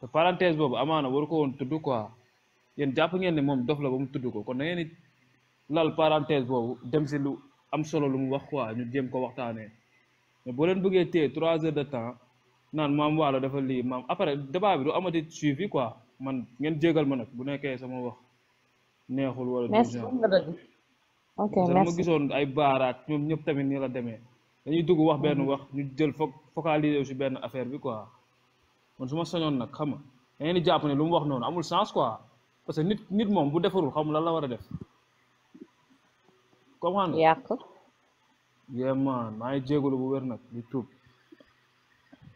te parenthèse boobu amaana waru ko woon tudd quoi yéen jàpp ngeen ne moom dof la ba mu tudd ko kon da ngeen lal parenthèse boobu dem si lu am solo lu mu wax quoi ñu jëm ko waxtaanee mais boo leen bëggee téye trois heures de temps naan maam wàlla dafa lii maam après débat bi du amati suivi quoi. man ngeen jégal ma nak bu nekké sama wax neexul wala. merci ok merci dama gisoon ay baaraat ñom ñep tamit ni la démé dañuy dugg wax ben mm-hmm. wax ñu jël fo focaliser ci ben affaire bi quoi man suma ma nak xam nga da japp di ne lu mu wax non amul sens quoi parce que nit nit mom bu defarul xam la la wara def. comprendre yak ye man may ngi jégalu bu wër nak di tuub.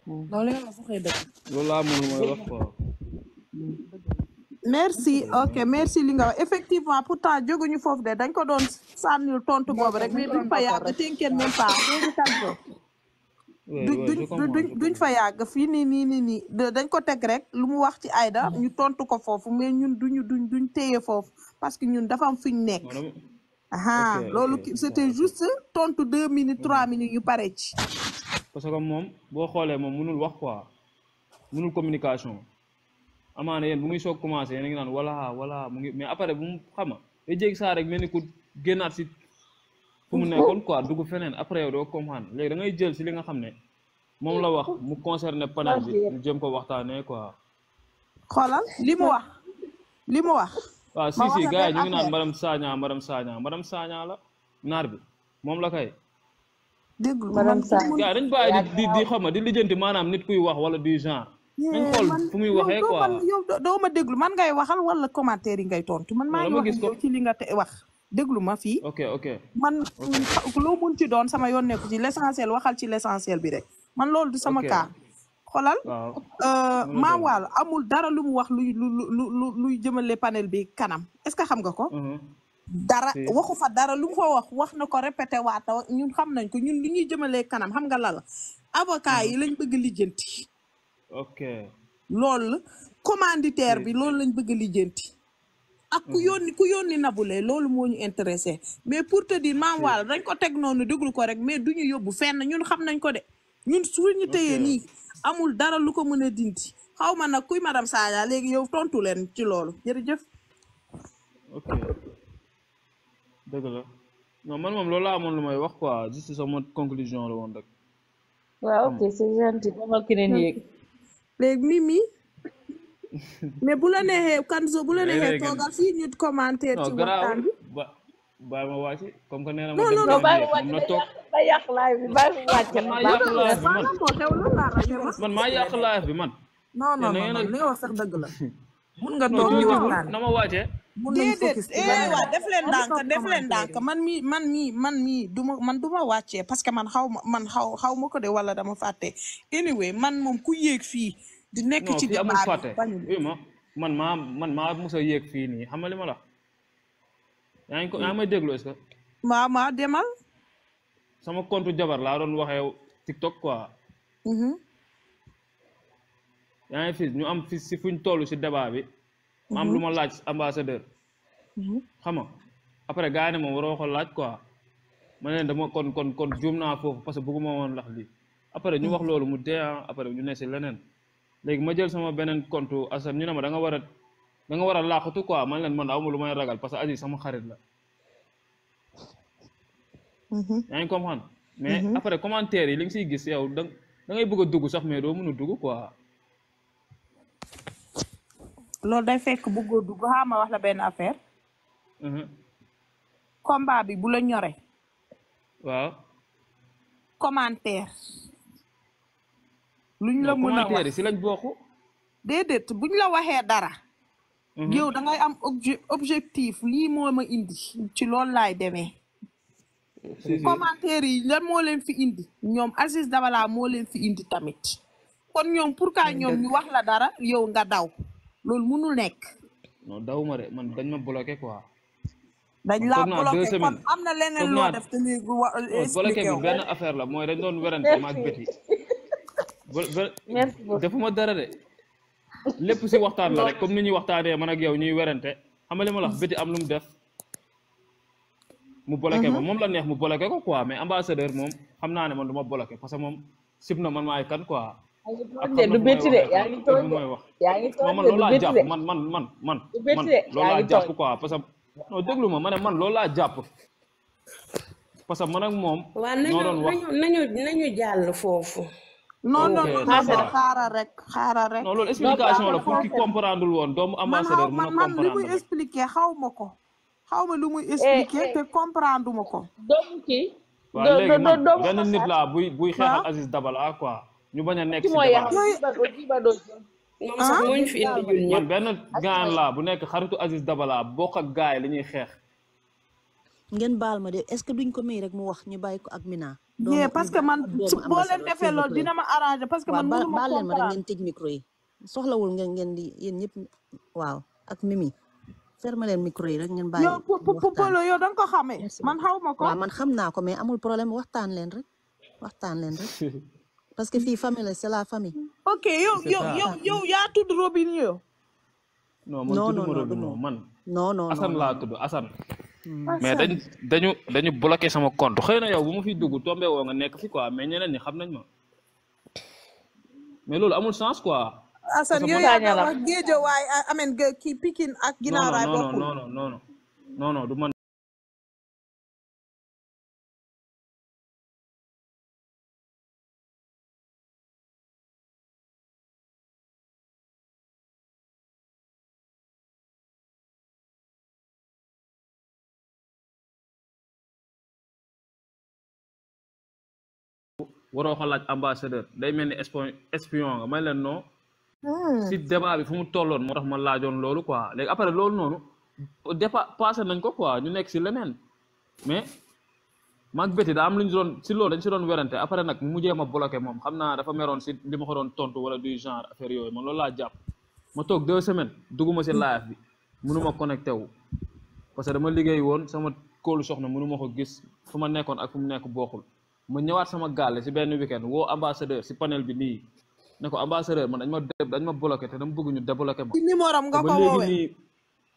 Mm. lolé yàlla fu xëy dëgg. lolé laa amul mooy wax quoi. merci ok merci li nga wax effectivement pourtant jóguñu foofu de dañ ko doon sànnil tontu boobu rek mais duñ fa yàgg tënkeen même pas duñ duñ fa yàgg fii nii nii nii nii dañ ko teg rek lu mu wax ci Aïda mm-hmm. ñu tontu ko foofu mais ñun duñu duñ duñ téye foofu parce que ñun dafa am fi ñu nekk ah loolu c'était juste tontu deux minutes trois mm-hmm. minutes yu pare ci parce que moom boo xoolee moom mënul wax quoi mënul communication amaana yéen bu muy soog commencé yéen a ngi naan wala wala ngi mais après bu mu xam nga day saa rek mel ni ku génnaat si fu mu nekkoon quoi dugg feneen après yow doo comprendre léegi da ngay jël si li nga xam ne moom la wax mu concerné panel bi ñu jëm ko waxtaanee quoi. xoolal li mu wax li mu wax. waaw si si gars yi ñu ngi naan madame Sagna madame Sagna la naar bi moom la kay. déglu madame Sagna gars dañ bàyyi di di xam di lijjanti maanaam nit kuy wax wala di genre. nañ xool fu muy waxee quoi yow doo ma déglu man ngay waxal wala commentaire yi ngay tontu man maa ngi wax yow ci li nga te wax déglu ma fii ok man loo mun ci doon sama yoon nekku ci l'essentiel waxal ci l'essentiel bi rek man loolu du sama cas xolal euh, Mame Wallo amul dara lu mu wax luy lu luy jëmale panel bi kanam est-ce que xam nga ko mm-hmm. dara waxu fa dara lu mu wax wax na ko répété waata ñun xam nañ ko ñun lu ñuy jëmalee kanam xam nga la la avocat mm-hmm. yi lañ bëgg lijjanti ok loolu la commanditaire bi loolu lañ bëgg a lijjanti. ak ku mhm. yónni ku yónni nabule loolu moo ñu intéressé mais pour te dire maam waal dañ ko teg noonu déglu ko rek mais du ñu yóbbu fenn ñun xam nañ ko de ñun ñu téyee nii amul dara lu ko mën a dinti xaw ma nag kuy madame Sagna léegi yow tontu leen ci loolu jërëjëf. ok dëgg la man moom loolu laa amoon lu may wax quoi juste sama conclusion la woon rek. waaw ok c'est gentil. léegi Mimi mais bu la neexee Kanzo bu la neexee toogal fii ñu commenter ci waxtaan bi bàyyi ma wàcc comme que nee na ma non non non bàyyi ma wàcc ba yàq live bi bàyyi ma wàcc man maa yàq live bi man non non non li nga wax sax dëgg la mun nga toog ñu waxtaan na ma wàccee mun nañ focus eh, waaw def leen ndànk def leen ndànk man mii man mii man mii du ma man du ma wàccee parce que man xaw ma man xaw xaw ma ko de wala dama fàtte anyway man moom ku yéeg fii di nekk ci débat bi bañul man maa man maa mos a yéeg nii xam nga li ma la yaa ngi ko yaa ngi may déglu est-ce que maa maa demal sama compte jabar laa doon waxee TikTok quoi mm-hmm. yaa ngi fis ñu am fis si fuñ tollu si débat bi. ma am mhm. lu ma laaj ambassadeur. Mhm. xam nga après gars yi ne ma waroo ko laaj quoi ma ne dama kon kon kon juum naa foofu parce que bëgguma woon lax li après ñu wax mhm. loolu mu dee ah, après ñu ne si leneen léegi ma jël sama beneen compte asam ñu ne ma da nga war a da nga war a laaxatu quoi man leen man awma lu may ragal parce que Aziz sama xarit la. yaa ngi comprendre. mais après commentaire yi li nga siy gis yow da da ngay bëgg a dugg sax mais doo mun a dugg quoi. loolu day fekk bu góor dugg xaama wax la benn affaire. Mhm. combat bi bu la ñore. waaw. commentaire. luñ la mën a wax si lañ bokk. déedéet buñ la waxee dara. Mhm. yow da ngay am objectif lii moo ma indi ci lool laay deme commentaire yi lan moo leen fi indi ñoom Aziz Dabala moo leen fi indi tamit. kon ñoom pour que ñoom ñu wax la dara yow nga daw. loolu mënul nekk. non dawuma de man dañ ma bloqué quoi. dañ laa bloqué kon am na leneen loo def te euh, léegi benn affaire la mooy dañ doon werante ma bëti. defuma dara de lépp si waxtaan la rek comme ni ñuy waxtaanee man ak yow ñuy werante xamale ma la bëti am lu mu def. mu bloqué ma mhm. moom la neex mu bloqué ko quoi mais ambassadeur moom xam naa ne man du ma bloqué parce que moom sib na man maay kan quoi. du betti de man man man man man jàpp quoi parce que non déglu ma ma man loolu laa jàpp parce que man ak moom. noo doon wax waaw foofu. non rek xaaral rek. non loolu explication la pour ki comprendre woon doomu ambassadeur man man muy expliqué xaw ma ko. xaw ma lu muy expliqué te comprendre ma doomu kii. doomu doomu benn nit laa buy buy xeexal Aziz Dabala ñu bañ a nekk ci débat man benn gaan laa bu nekk xaritu Aziz Dabala bokk ak la ñuy xeex. ngeen baal ma de est-ce que duñ ko may rek mu wax ñu bàyyi ko ak Mina. doo que man boo leen parce que man mënu ma baal leen ma rek ngeen tëj micro ngeen di yéen ñëpp waaw ak Mimi. ferme leen micro yi rek ngeen bàyyi. xaw ma ko man xam naa ko mais amul problème waxtaan leen rek waxtaan leen rek. parce que fii famille la c'est la famille. ok yow yow yow yow yaa tudd Robin yow. non non non man. non non Assane laa tudd Assane. Hmm. mais dañ dañu dañu sama compte xëy na yow bu ma fiy dugg tombé woo nekk fi quoi mais ñeneen ñi xam nañ ma mais loolu amul sens quoi. Assane yow yaa ngi wax géejo waaye amen kii Pikine ak. ginaaraay bokkul non non non non non non du man. waroo ko laaj ambassadeur day mel ni espion nga may leen noo hmm. si débat bi fu mu tolloon moo tax ma laajoon loolu quoi léegi après loolu noonu dépa passé nañ ko quoi ñu nekk si leneen mais maag béti daa am lu ñu doon si loolu dañ si doon werante après nag mu mujjee ma bloqué moom xam naa dafa meroon si li ma ko doon tontu wala du genre affaire yooyu ma loolu laa jàpp ma toog deux semaines duguma si live bi mënuma connecté wu parce que dama liggéey woon sama kóolu soxna mënuma ko gis fu ma nekkoon ak fu mu nekk bokkul ma ñëwaat sama gaale si benn weekend woo ambassadeur si panel bi nii ne ko ambassadeur man dañ ma dañ ma bloqué te dama bëgg ñu débloqué ma. si numéro nga ko woowee nii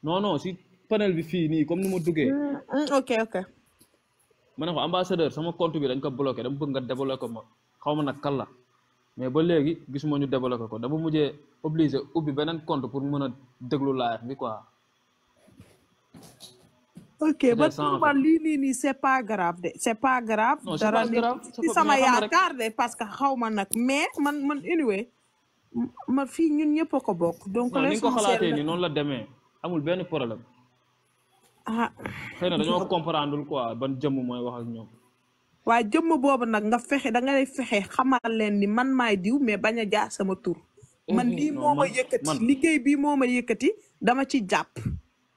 non non si panel bi fii nii comme ni ma duggee. Mm, mm, ok ok. ma ne ko ambassadeur sama compte bi dañ ko bloqué dama bëgg nga débloqué ma xaw ma nag kan la mais ba léegi gisuma ñu débloqué ko dama mujjee obligé ubbi beneen compte pour mën a déglu live bi quoi ok ba tuuma lii nii nii c' est pas grave de c' est pas grave. dara ci sama yaakaar de parce que xaw ma nag mais man man anyway ma fii ñun ñëpp a ko bokk. donc l' essentiel non ni nga ko xalaatee nii noonu la demee amul benn problème. ah xëy na dañoo comprendre quoi ban jëmm mooy wax ak ñoom. waaye jëmm boobu nag nga fexe da nga lay fexe xamal leen ni man maay diw mais bañ a jaar sama tur. Eh, man lii moo ma yëkkati liggéey bii moo ma yëkkati dama ci jàpp.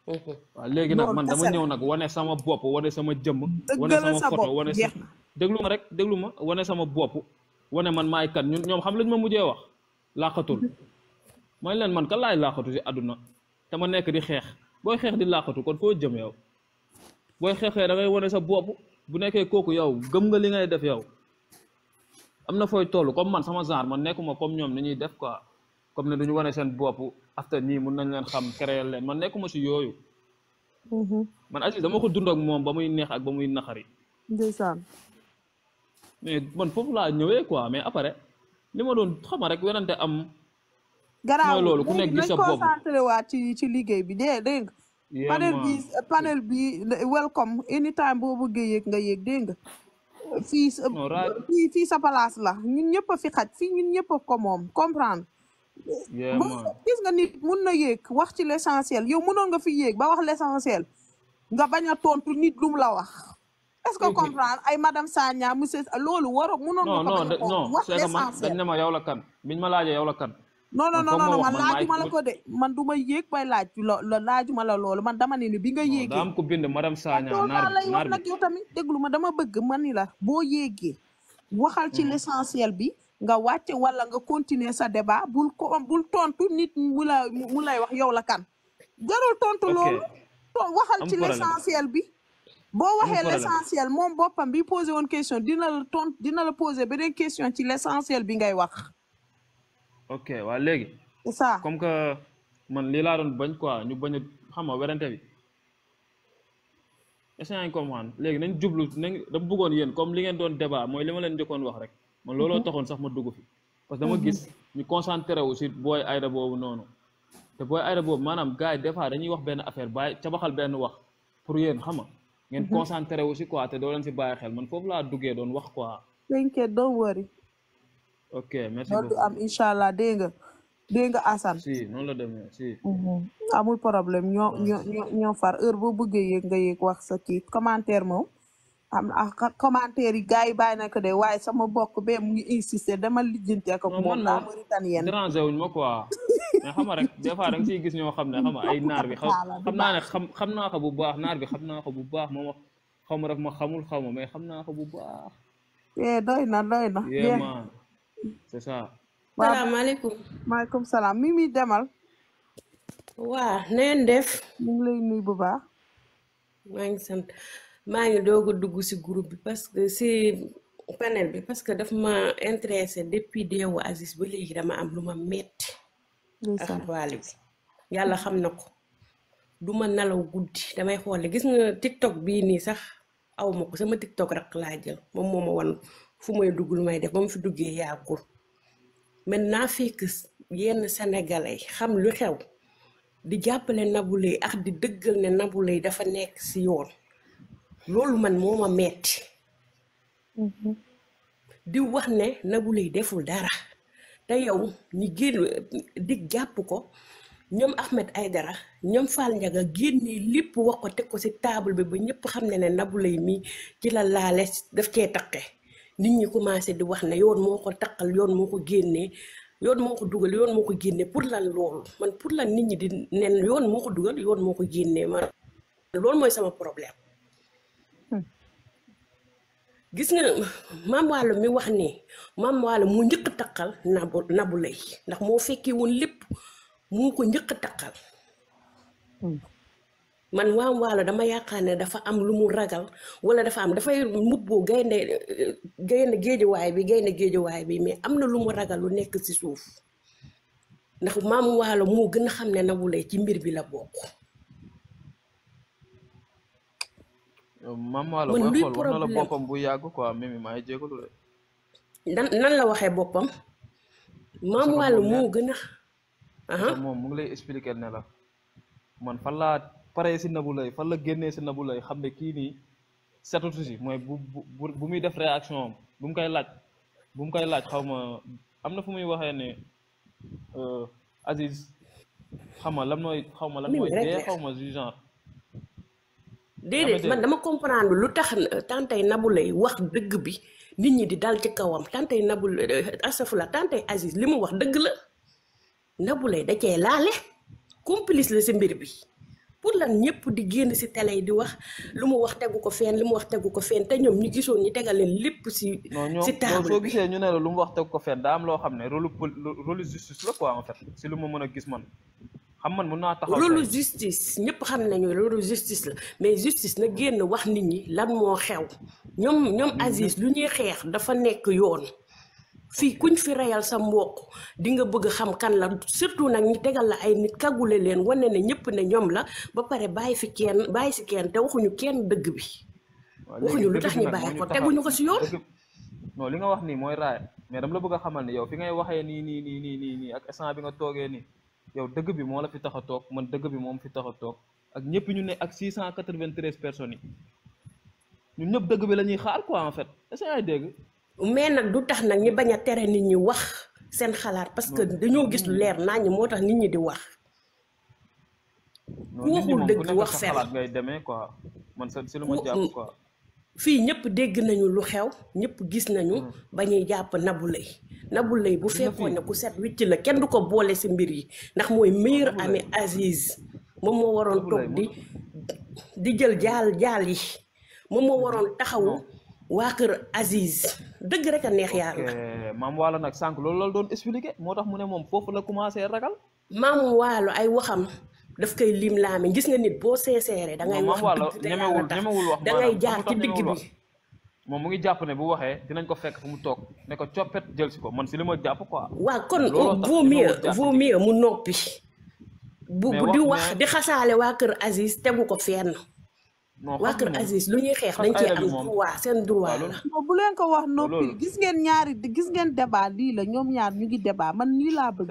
waaw léegi nag man dama ñëw nag wane sama bopp wane sama jëmm wane sama photo wane sa déglu ma rek déglu ma wane sama bopp wane man maay kan ñoom xam lañ ma mujjee wax laaxatul man leen man kan laay laaxatu si àdduna te ma nekk di xeex booy xeex di laaxatu kon foo jëm yow booy xeexee da ngay wane sa bopp bu nekkee kooku yow gëm nga li ngay def yow am na fooy toll kom man sama genre man nekkuma comme ñoom dañuy def quoi comme ne du ñu wane seen bopp after nii mun nañ leen xam créer leen man nekkuma si yooyu. Mhm. man Aziz dama ko dund ak moom ba muy neex ak ba muy naxari. ndeysaan. mais man foofu laa ñëwee quoi mais après li ma doon xama rek wenante am. garaaw mooy loolu ku nekk gis sa bopp concentré waat ci ci liggéey bi dee dégg nga. panel bi panel bi welcome anytime boo bëggee yéeg nga yéeg dégg nga. fii fii sa palaas la ñun ñëpp a fi xaj fii ñun ñëpp a ko moom comprendre. gis nga nit mun na yéeg wax ci l'essentiel yow mënoon nga fi yéeg ba wax l'essentiel nga bañ a tontu nit lu la wax est-ce que comprendre ay madame Sagna monsieur loolu waroo mënoon nga ko non wax l'essentiel dañ ne ma yow la kan biñ ma laajee yow la kan non non non non man laajuma la ko de man du ma yéeg bay laaj la laajuma la loolu man dama ne bi nga yéegee. daa am bind madame Sagna naar lay wax nag yow tamit déglu ma dama bëgg ma ni la boo yéegee waxal ci mm. l'essentiel bi nga wàcce wala nga continuer sa débat bul ko bul tontu nit mu la wax yow la kan jarul tontu loolu waxal ci l'essentiel bi bo waxe l'essentiel mom bopam bi posé woon question dina la tontu dina la poser benen question ci l'essentiel bi ngay wax ok wa léegi c'est ça comme que man li la don bagn quoi ñu bagn xama wérante bi est-ce que yaa comprendre léegi nañ djublu nañ da bëggone yeen comme li ngeen doon débat moy lima leen njëkkoon wax rek man looloo mhm. taxoon sax ma dugg fi parce que dama mhm. gis ñu concentré aussi booy ayda boobu noonu te booy ayda boobu maanaam gars yi des fois dañuy wax benn affaire baay cabaxal benn wax pour yéen xam nga ngeen mhm. concentré aussi si te doo leen si bàyyi xel man foofu laa duggee doon wax quoi. t'inquiète don't worry. ok merci beaucoup am incha allah dégg nga dégg nga Assane. noonu la demee si. amul problème ñoo ñoo ñoo far heure boo buggee yéeg nga yéeg wax sa kii commentaire moom. am na ah, commentaire yi gars yi bàyyi na ko de waaye sama bokk bee mu ngi insister dama lijjanti ak moom la Mauritanienne dérangé wuñ ma quoi mais xam rek des fois da nga gis ñoo xam ne xam ay naar bi xam naa ne xam xam naa ko bu baax naar bi xam naa ko bu baax moom xaw ma rek ma xamul xaw ma mais xam naa ko bu baax eh doy na doy na vraiment c'est ça salaamaaleykum maaleykum salaam mi mi demal waa na def mu ngi lay nuyu bu baax maa maa ngi doog a dugg si groupe bi parce que si panel bi parce que daf ma intéressé depuis deewu Aziz ba léegi dama am lu ma metti ak waali bi yàlla xam na ko du ma nalaw guddi damay xoole gis nga tiktok bii nii sax aw ma ko sama tiktok rek laa jël moom moo ma wan fu may dugg lu may def ba mu fi duggee yàggul maintenant fekk yenn sénégalais xam lu xew di jàppale Nabou ak di dëggal ne Nabou dafa nekk si yoon loolu man moo ma metti mhm. di wax ne Nabou Leye deful dara te yow ñu génn di jàpp ko ñoom Ahmed Aïdara ñoom Fall Ndiaga génnee lépp wax ko teg ko ci table bi ba ñëpp xam ne ne Nabou Leye mi ci la laale daf cee taqe nit ñi commencé di wax ne yoon moo ko taqal yoon moo ko génnee yoon moo ko dugal yoon moo ko génnee pour lan loolu man pour lan nit ñi di nen yoon moo ko dugal yoon moo ko génnee man loolu mooy sama problème gis nga maam Waalo mi wax nii maam Waalo mu njëkk taqal nabu nabu lay ndax moo fekkee woon lépp mu ko njëkk taqal hmm. man maam Waalo dama yaakaar ne dafa am lu mu ragal wala dafa am dafay mbubboo gaynde gaynde géejuwaay bi gaynde géejuwaay bi mais am na lu mu ragal lu nekk ci suuf ndax maam Waalo moo gën a xam ne nabu lay ci mbir bi la bokk maam wala booy xool war na la boppam bu yàgg quoi même maa ngi jégalu rek. nan la waxee boppam. maam wàll moo gën moom mu ngi lay expliquer ne la man fan laa paree si Nabou Leye fan la génne si Nabou lay xam ne kii nii setutu si mooy bu bu bu muy def réaction am bu mu koy laaj bu mu koy laaj xaw ma am na fu muy waxee ne euh, Aziz xaw ma lan mooy. xaw ma lan mooy dee xaw ma genre. déedéet man dama comprendre lu tax euh, tantay Nabou Leye wax dëgg bi nit ñi di dal ci kawam tantay Nabou Leye euh, asafula tantay li mu wax dëgg la Nabou Leye da cee laale complice la si mbir bi pour la ñëpp di génn si télé yi di wax lu mu wax tegu ko fenn lu mu wax tegu ko fenn te ñoom ñu gisoon ñu tegal leen lépp si. si table bi soo gisee ñu ne lu mu wax tegu ko fenn daa am loo xam ne rôle justice la quoi en fait si lu ma mën a gis man. xam man mun naa taxaw loolu justice ñëpp xam nañu loolu justice la mais justice na génn wax nit ñi lan moo xew ñoom ñoom mhm. Aziz lu ñuy xeex dafa nekk yoon. fii kuñ fi reyal sa mbokk di nga bëgg xam kan la surtout nag ñu tegal la ay nit kagule leen wane ne ñëpp ne ñoom la ba pare bàyyi fi kenn bàyyi si kenn te waxuñu kenn dëgg bi waxuñu lu tax ñu bàyyi ko teguñu ko si yoon non li nga wax nii mooy raay mais dama la bëgg a xamal ni yow fi ngay waxee nii nii nii nii nii ak instant bi nga toogee nii yow dëgg bi moo la fi tax a toog man dëgg bi moom fi tax a toog ak ñëpp ñu ne ak 693 personnes yi ñu ñëpp dëgg bi lañuy ñuy xaar quoi en fait est ay dégg. mais nag du tax nag ñi bañ a tere nit ñi wax seen xalaat parce que dañoo gis lu leer naññ moo tax nit ñi di wax. ku waxul dëgg wax seen xalaat ngay demee quoi man sa si lu ma jàpp quoi. fii ñëpp dégg nañu lu xew ñëpp gis nañu mm. ba ñuy jàpp nabu Leye Nabou Leye bu fekkoon ne ku set wicc la kenn du ko boole si mbir yi ndax mooy meilleur ami Aziz moom moo waroon toog di di jël jaal jaal yi moom moo mm. waroon taxawu waa kër Aziz dëgg rek a neex na maam waalo nag sànq loolu la doon expliqué moo tax mu ne moom foofu la commencé ragal. maam waalo ay waxam. daf koy lim laami gis nga nit boo seeseeree. da ngay wax da ngay jaar ci digg bi. moom mu ngi jàpp ne bu waxee dinañ ko fekk fu mu toog ne ko coppet jël si ko man si li jàpp ko waaw kon vaut mieux vaut mieux mu noppi. bu bu di wax di xasaale waa kër Aziz tegu ko fenn. waa kër Aziz lu ñuy xeex dañ ci am droit seen droit la. bu leen ko wax noppi gis ngeen ñaari gis ngeen débat lii la ñoom ñaar ñu ngi débat man nii laa bëgg.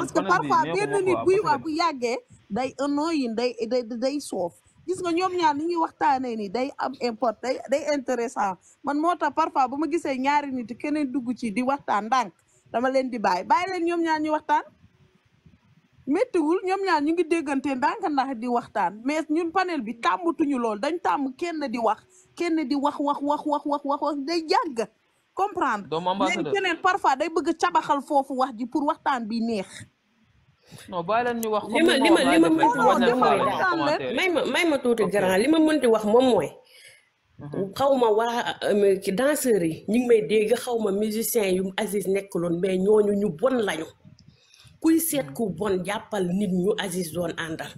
parce que parfois benn nit buy wax bu yàggee. day annoying day day day soof gis nga ñoom ñaar ñu ñuy waxtaanee nii day am import day intéressant man moo tax parfois bu ma gisee ñaari nit keneen dugg ci di waxtaan ndànk dama leen di bàyyi bàyyi leen ñoom ñaar ñu waxtaan méttiwul ñoom ñaar ñu ngi déggantee ndànk ndax di waxtaan mais ñu panel bi tàmmatuñu lool dañ tàmm kenn di wax kenn di wax wax wax wax wax wax wax day jàgg comprendre léegi keneen parfois day bëgg cabaxal foofu wax ji pour waxtaan bi neex non bàyyi leen ñu wax. li ma li ma li ma mënti wax may may ma tuuti grand li ma mënti wax moom mooy. Mhm. xaw ma waa euh, ci danseurs yi ñu ngi may dégg xaw ma musiciens yu Aziz nekkaloon mais ñooñu ñu bon lañu. kuy seet mm. ku bon jàppal nit ñu Aziz doon àndal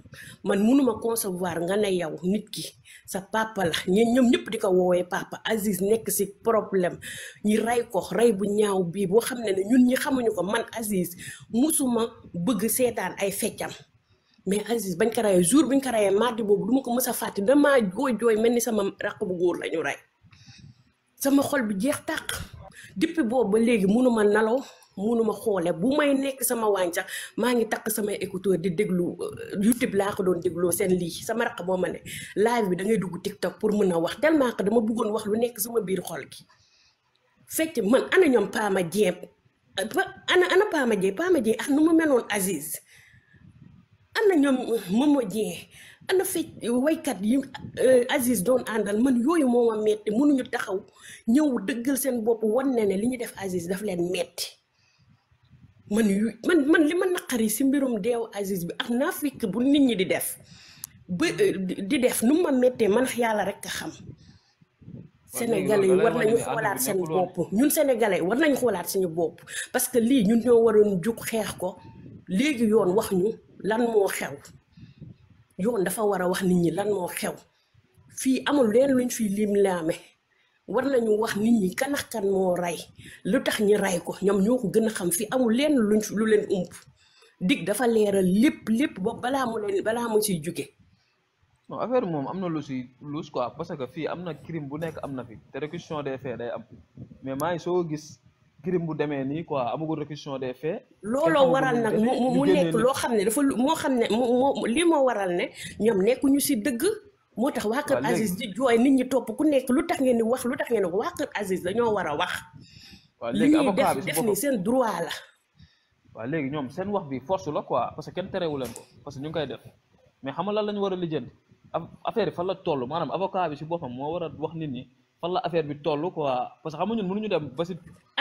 man mënuma concevoir nga ne yow nit ki sa papa la ñun ñoom ñëpp di ko woowee papa Aziz nekk ci problème ñi rey ko rey bu ñaaw bii boo xam ne ne ñun ñi xamuñu ko man Aziz musuma bëgg seetaan ay feccam mais Aziz bañ ko reyee jour bañ ko reyee mardi boobu duma ko mës a fàtte damaa jooy jooy mel ni sama rakk bu góor la ñu rey sama xol bi jeex tàq depuis boobu ba léegi mënuma nalaw munuma xoole bu may nekk sama waañ sax maa ngi takk samay écouteur di déglu euh, youtube laa ko doon dégloo seen lii sama raq boo ma ne live bi da ngay dugg tiktok pour mën a wax tellement dama bëggoon wax lu nekk sama biir xol gi fekk man ana ñoom paama jeeb ana ana paama jeeb paama jeeb ah nu ma meloon Aziz ana ñoom euh, Momo Dieng ana fecc woykat yi euh, Aziz doon àndal man yooyu moo ma metti mënuñu taxaw ñëw dëggal seen bopp wan ne ne li ñu def Aziz daf leen metti man yu man li ma naqari si mbirum deewu Aziz bi am ak fikk bu nit ñi di def ba euh, di def nu ma méttee man yàlla rek a xam. sénégalais yi war nañu xoolaat seen bopp ñun sénégalais war nañu xoolaat suñu bopp parce que lii ñun ñoo waroon jug xeex ko léegi yoon wax ñu lan moo xew yoon dafa war a wax nit ñi lan moo xew fii amul leen luñ fi lim laame war nañu wax nit ñi kanax kan moo rey lu tax ñi rey ko ñam ñoo ko gën a xam fi amul lenn luñ lu leen ump dig dafa leeral lépp lépp boobu balaa mu leen balaa mu siy jóge non affaire moom am na lu si luus quoi parce que fii am na crime bu nekk am na fi te réquisition des faits day am mais maa ngi soo gis crime bu demee nii quoi amagul réquisition des faits. looloo waral nag mu mu nekk loo xam ne dafa moo xam ne moo lii moo waral ne ñoom ñu si dëgg. moo tax waa kër Aziz di jooy nit ñi topp ku nekk lu tax ngeen di wax lu tax ngeen di waa kër Aziz dañoo war a wax. li ñuy def seen droit la. waaw léegi ñoom seen wax bi force la ko parce que kenn terewu leen ko parce que ñu ngi koy def mais xam nga lan la ñu war a lijjanti affaire bi fan la toll maanaam avocat bi si boppam moo war a wax nit ñi fan la affaire bi toll quoi parce que xam nga ñun mënuñu dem ba si.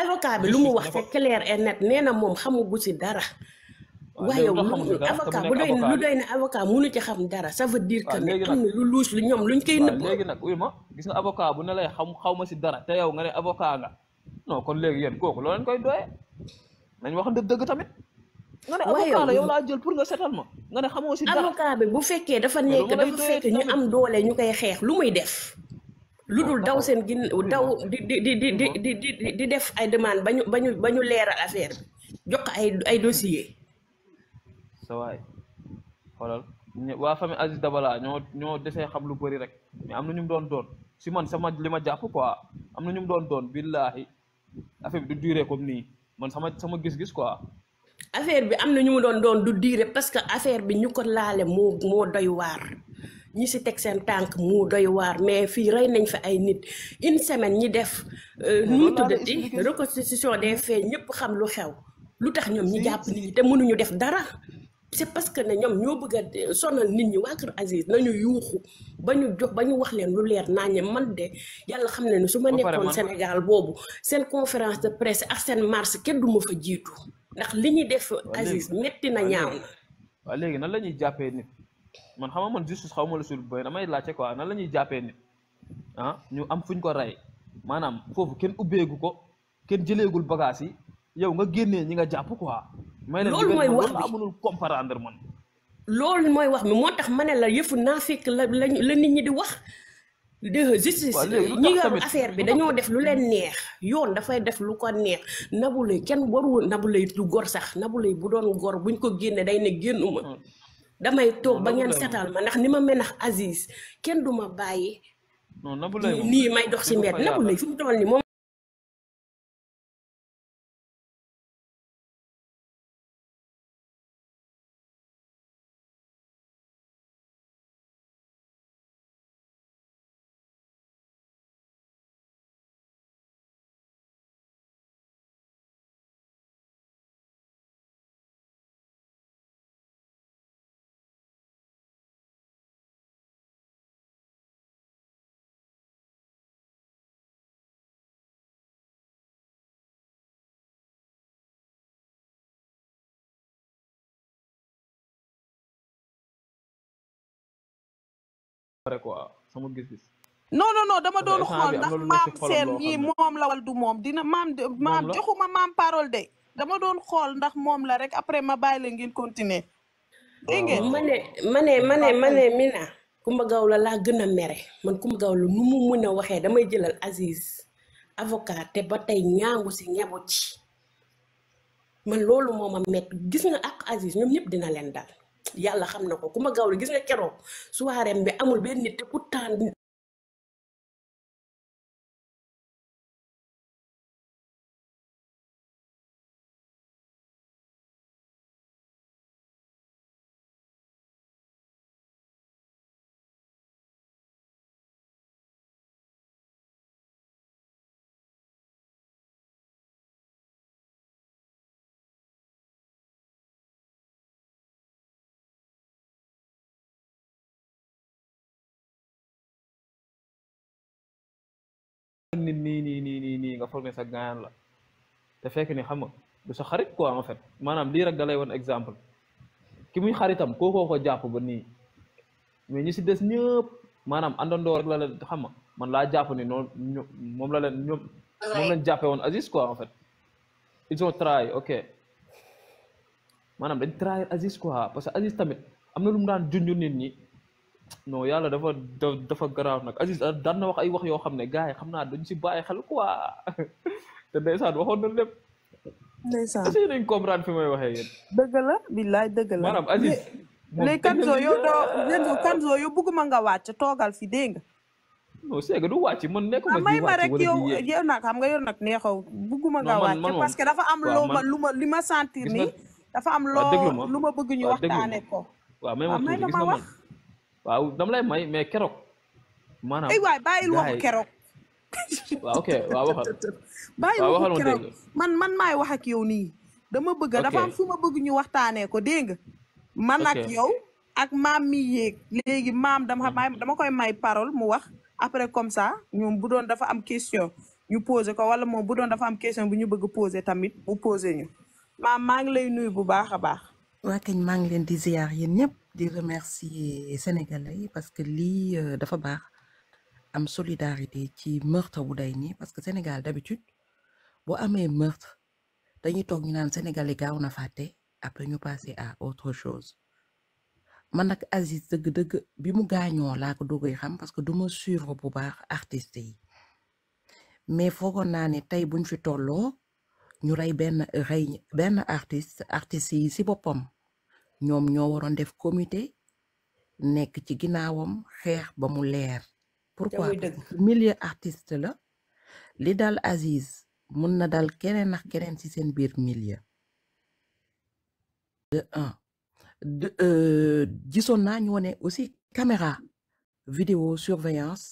avocat bi lu mu wax c'est clair et net nee na moom xamu gu si dara. waaye yow avocat bu doy na lu doy na dara ça veut dire que ne lu luus lu ñoom luñ koy nëbb léegi nag uy ma gis nga avocat bu ne lay xam xaw ma si dara te yow nga ne avocat non kon léegi kooku loo leen koy doyee nañ wax dëgg dëgg tamit nga ne avocat la yow laa jël pour nga setal ma nga ne xamoo si dara avocat bi bu fekkee dafa nekk dafa fekk am doole ñu koy xeex lu muy def lu dul daw seen gin daw di di di di di di def ay demande bañu bañu ba ñu leeral affaire bi jox ay ay dossier sa waa famille Aziz Dabala ñoo ñoo desee xam lu bëri rek mais am na ñu mu doon doon si man sama li ma jàpp quoi am na ñu mu doon doon billaahi affaire bi du duré comme nii man sama sama gis-gis quoi. affaire bi am na ñu mu doon doon du diire parce que affaire bi ñu ko laale moo moo doy waar ñi si teg seen tànk moo doy waar mais fii rey nañ fi ay nit une semaine ñi def. Euh, nu mu tuddati reconstitution de faits ñëpp xam lu xew. lu tax ñoom ñi jàpp nit te mënuñu def dara. c'est parce que ne ñoom ñoo bëgg a sonal nit ñi waa kër na ñu yuuxu ba ñu jox ba ñu wax leen lu leer naa ñe man de yàlla xam ne ne su ma nekkoon Sénégal boobu seen conférence de presse ak seen marche kenn du ma fa jiitu ndax li ñuy def Aziz metti na ñaaw na waaw léegi nan la ñuy jàppee nit man xam nga man justice xaw ma la sul boy damay laajte quoi nan lañuy ñuy jàppee nit ah ñu am fuñ ko rey maanaam foofu kenn ubbeegu ko kenn jëleegul bagage yi yow nga génnee ñi nga jàpp quoi loolu mooy wax mënul comprendre man loolu mooy wax mi moo tax ma ne la yëfu naa fekk la la la nit ñi di wax de justice ñi yor affaire bi dañoo def lu leen neex yoon dafay def lu ko neex Nabou Leye kenn waru Nabou Leye du gor sax nabu Leye bu doon gor buñ ko génnee day ne génnuma hmm. damay toog ba ngeen setal ma ndax ni ma menax Aziz kenn duma bàyyi lii may dox si mbedd Nabou Leye fi mu toll nii moom pare quoi sama gis-gis. dama doon xool ndax maam seen ñii moom la wal moom dina maam maam joxuma maam parole de dama doon xool ndax moom la rek après ma bàyyi la ngeen continuer. dégg ngeen ma ne ma ne ma ne laa gën a mere man Kumba Gawla nu mu mën a waxee damay jëlal Aziz avocat te ba tey ñaangu si ñebu ci man loolu moo ma metti gis nga ak Aziz ñoom ñëpp dina leen daal yàlla xam na ko ku ma gaaw la gis nga keroog soirée bi amul benn nit te pourtant ni ni ni ni ni ni nga foog sa gan la té fekk ni xam nga du sa xarit quoi en fait manam li rek dalay won exemple ki muy xaritam ko ko japp ba ni mais ñi ci dess ñepp manam andando rek la la xam nga man la japp ni non mom la len ñom mom lañ jappé won Aziz quoi en fait ils ont try ok manam dañ try Aziz quoi parce que Aziz tamit amna lu mu daan junj nit ñi non yàlla dafa dafa garaaw nag Aziz ah, daan na wax ay wax yoo xam ne gars yi xam naa dañu si bàyyi xel quoi te ndeysaan waxoon na lépp. ndeysaan aussi dañ comprendre fi may waxee yéen. dëgg la billaay dëgg la maanaam Aziz. léegi Kanzo yow doo Kanzo nga wàcc toogal fi dégg nga. non Sega du wàcc man nekkuma ah, may ma rek yow yow nag xam nga yow nag neexaw bëgguma nga wàcc parce que dafa am loo ma lu li ma sentir nii dafa am loo lu ma bëgg ñu waxtaane ko waaw may ma ah, wax waaw dama lay may mais keroog. maanaam ay waay bàyyil waxu keroog. waaw man man maay wax ak yow nii. dama bëgg dafa am fu ma bëgg ñu waxtaanee ko dégg nga. man ak yow ak maam mi yéeg léegi maam dama mm. dama koy may parole mu wax après comme ça ñoom bu doon dafa am question ñu posé ko wala moom bu doon dafa am question bu ñu bëgg posé tamit bu posé ñu. maam maa ngi lay nuyu bu baax a baax. waa kañ maa ngi di ziar di remercier sénégalais parce que li euh, dafa baax am solidarité ci meurtre bu day parce que Sénégal d'habitude bo amé meurtre dañuy tok ñu sénégalais gaaw na faté, après ñu passer à autre chose man nak Aziz deug deug bi mu gaño la ko doogay xam parce que duma suivre bu baax yi mais foko naa tay buñ fi tolloo ñu ray ben rey ben artiste artiste yi si ñoom ñoo waroon def comité nekk ci ginaawam xeex ba mu leer pourquoi milieu artiste la li dal Aziz mun na dal keneen ak keneen ci seen biir milieu de un de euh, gisoon naa ñu wone aussi caméra vidéo surveillance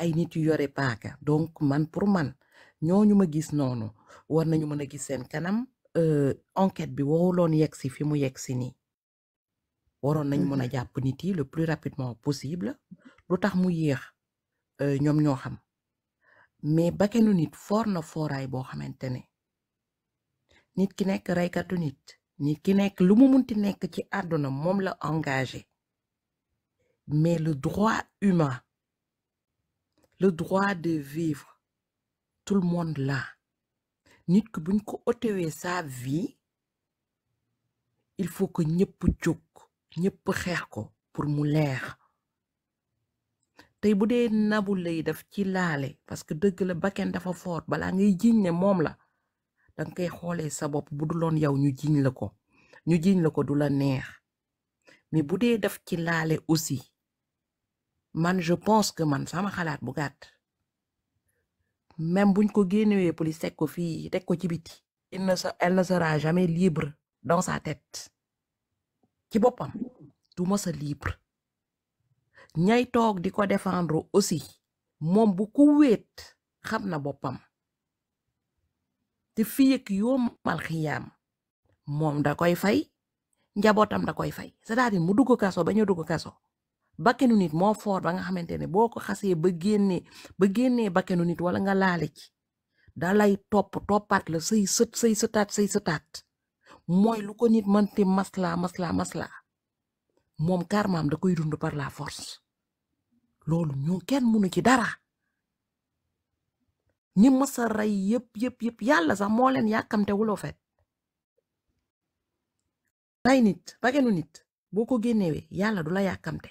ay nit yu yore paaka donc man pour man ñooñu ma gis noonu war nañu mën a gis seen kanam euh, enquête bi waruloon yexi fi mu yexi ni nii waroon nañ mën mm-hmm. nit yi le plus rapidement possible lutax tax mu yéex euh, ñom ñoo xam mais bakkanu nit foor na fooraay boo xamante nit ki ray reykatu nit nit ki nek lu mu munti nekk ci aduna mom la engagé mais le droit humain le droit de vivre tout le monde là nit ki buñ ko otewee sa vie il faut que ñepp jóg ñepp xeex ko pour mu leer tay bu dee nabu lay def ci laale parce que deug la bakken dafa fort balaa ngay jigné mom la dang kay xolé sa bop bu yow ñu jiñ la ko ñu jiñ la ko du neex mais bu daf ci laale aussi man je pense que man sama xalaat bu gàtt même buñ ko génnewee police teg ko fii teg ko ci biti na sa se jamais libre dans sa tête ci boppam du ma sa libre ñay toog di ko défendre aussi moom bu ko wéet xam na boppam te fii ak yoomal xiyaam moom da koy fay njabootam da koy fay c'est-à-dire mu dugg kaso ba ñu dugg kaso bakkenu nit moo foor ba nga xamante ne boo ko xasee ba génnee ba génnee bakkenu nit wala nga laale ci da lay topp toppaat la say sët say sëtaat say sëtaat mooy lu ko nit mënti masla masla masla moom karmaam da koy dund par la force loolu ñu kenn mënu ci dara ni mës a rey yëpp yëpp yëpp yàlla sax moo leen yàkkamte wuloo fet rey nit bakkenu boo ko génnewee yàlla du la yàkkamte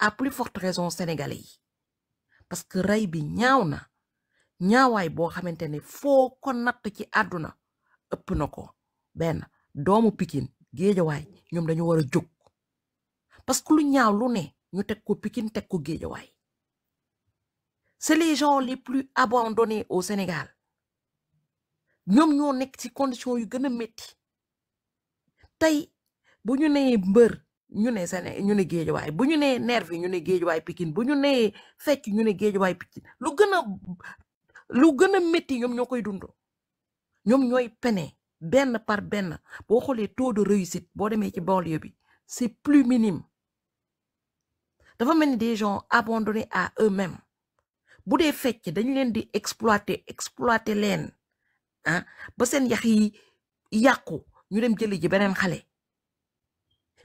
à plus forte raison sénégalais parce que ray bi ñaaw na bo xamantene fo ko nat ci aduna ëpp nako ben doomu pikin géejawaay ñom dañu wara juk parce que lu ñaaw lu ne ñu tek ko pikin tek ko c'est les gens les plus abandonnés au Sénégal ñom ñoo nek ci condition yu gëna metti tay bu ñu né mbeur ñu ne sene ñu ne géejuwaay bu ñu nee nervi ñu ne géejuwaay pikin bu ñu nee fecc ñu ne way pikin lu gëna lu gëna metti ñom ñokoy ñoo ñom ñoy pené ñooy benn par benn bo xolé taux de réussite bo démé ci banlieue bi c'est plus minime dafa melni des gens abandonnés à eux-mêmes bu dee fecc dañ leen di exploiter exploiter leen hein ba sen yax yi yaqku ñu dem jëli ji benen xalé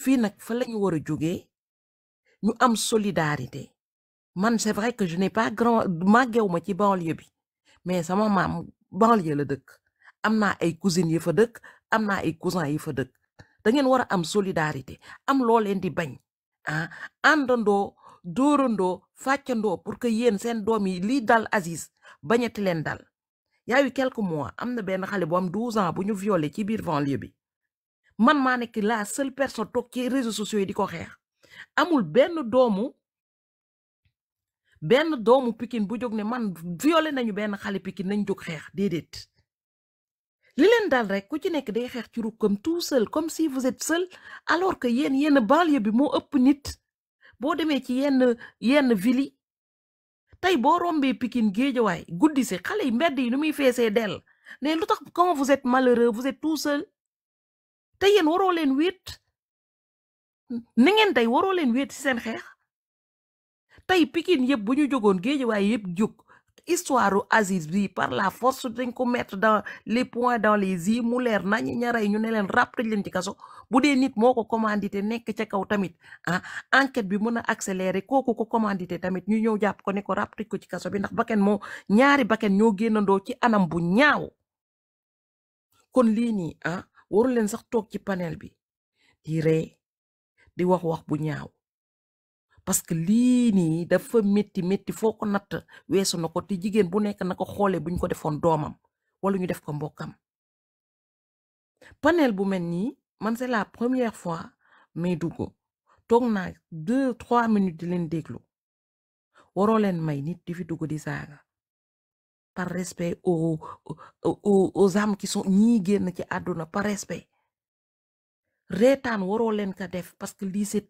fii nag fa lañu war a jógee ñu am solidarité man c'est vrai que je n'ai pas grand màggew ma ci banlieue bi mais sama maam banlieue la dëkk am naa ay cousines yi fa dëkk am naa ay cousins yi fa dëkk da ngeen war a am solidarité am loo leen di bañ ah àndandoo dóorandoo fàccandoo pour que yéen seen doom yi lii dal Aziz bañati leen dal yaayu quelques mois am na benn xale bu am 12 ans bu ñu violé ci biir banlieue bi man maa nekk la seule personne toog ci réseaux sociaux yi di ko xeex amul benn doomu benn doomu pikin bu jóg ne man violé nañu benn xale pikin nañ jóg xeex déedéet li leen daal rek ku ci nekk day xeex ci rukkam tout seul comme si vous êtes alors que yéen yenn banlieue bi moo ëpp nit boo demee ci yenn yenn ville tey boo rombee pikin géejawaay guddi si xale yi mbedd yi nu muy feesee dell ne lu tax quand vous êtes malheureux vous tout seul te yéen waroo leen wéet ni ngeen tey waroo leen wéet ci seen xeex tey Pikine yëpp bu ñu jógoon Guédiawaye yëpp jóg histoire u Aziz bi par la force dañ ko mettre dans les points dans les i mu leer nañu ñaray ñu ne leen ràpp leen ci kaso bu dee nit moo ko commandité nekk ca kaw tamit ah enquête bi mën a accélérer kooku ko commandité tamit ñu ñëw jàpp ko ne ko ràpp ko ci kaso bi ndax bakken moo ñaari bakken ñoo génnandoo ci anam bu ñaaw kon lii ah waru leen sax toog ci panel bi di ree di wax wax bu ñaaw parce que lii nii dafa métti métti foo ko natt weesu na ko te jigéen bu nekk na ko xoolee buñ ko defoon doomam wala ñu def ko mbokkam panel bu mel nii man c'est la première fois may dugg toog na deux trois minutes di leen déglu waroo leen may nit di fi dugg di saaga par respect aux aux aux âmes qui sont ñii génn ci àdduna par respect reetaan waroo leen ko def parce que lii c'est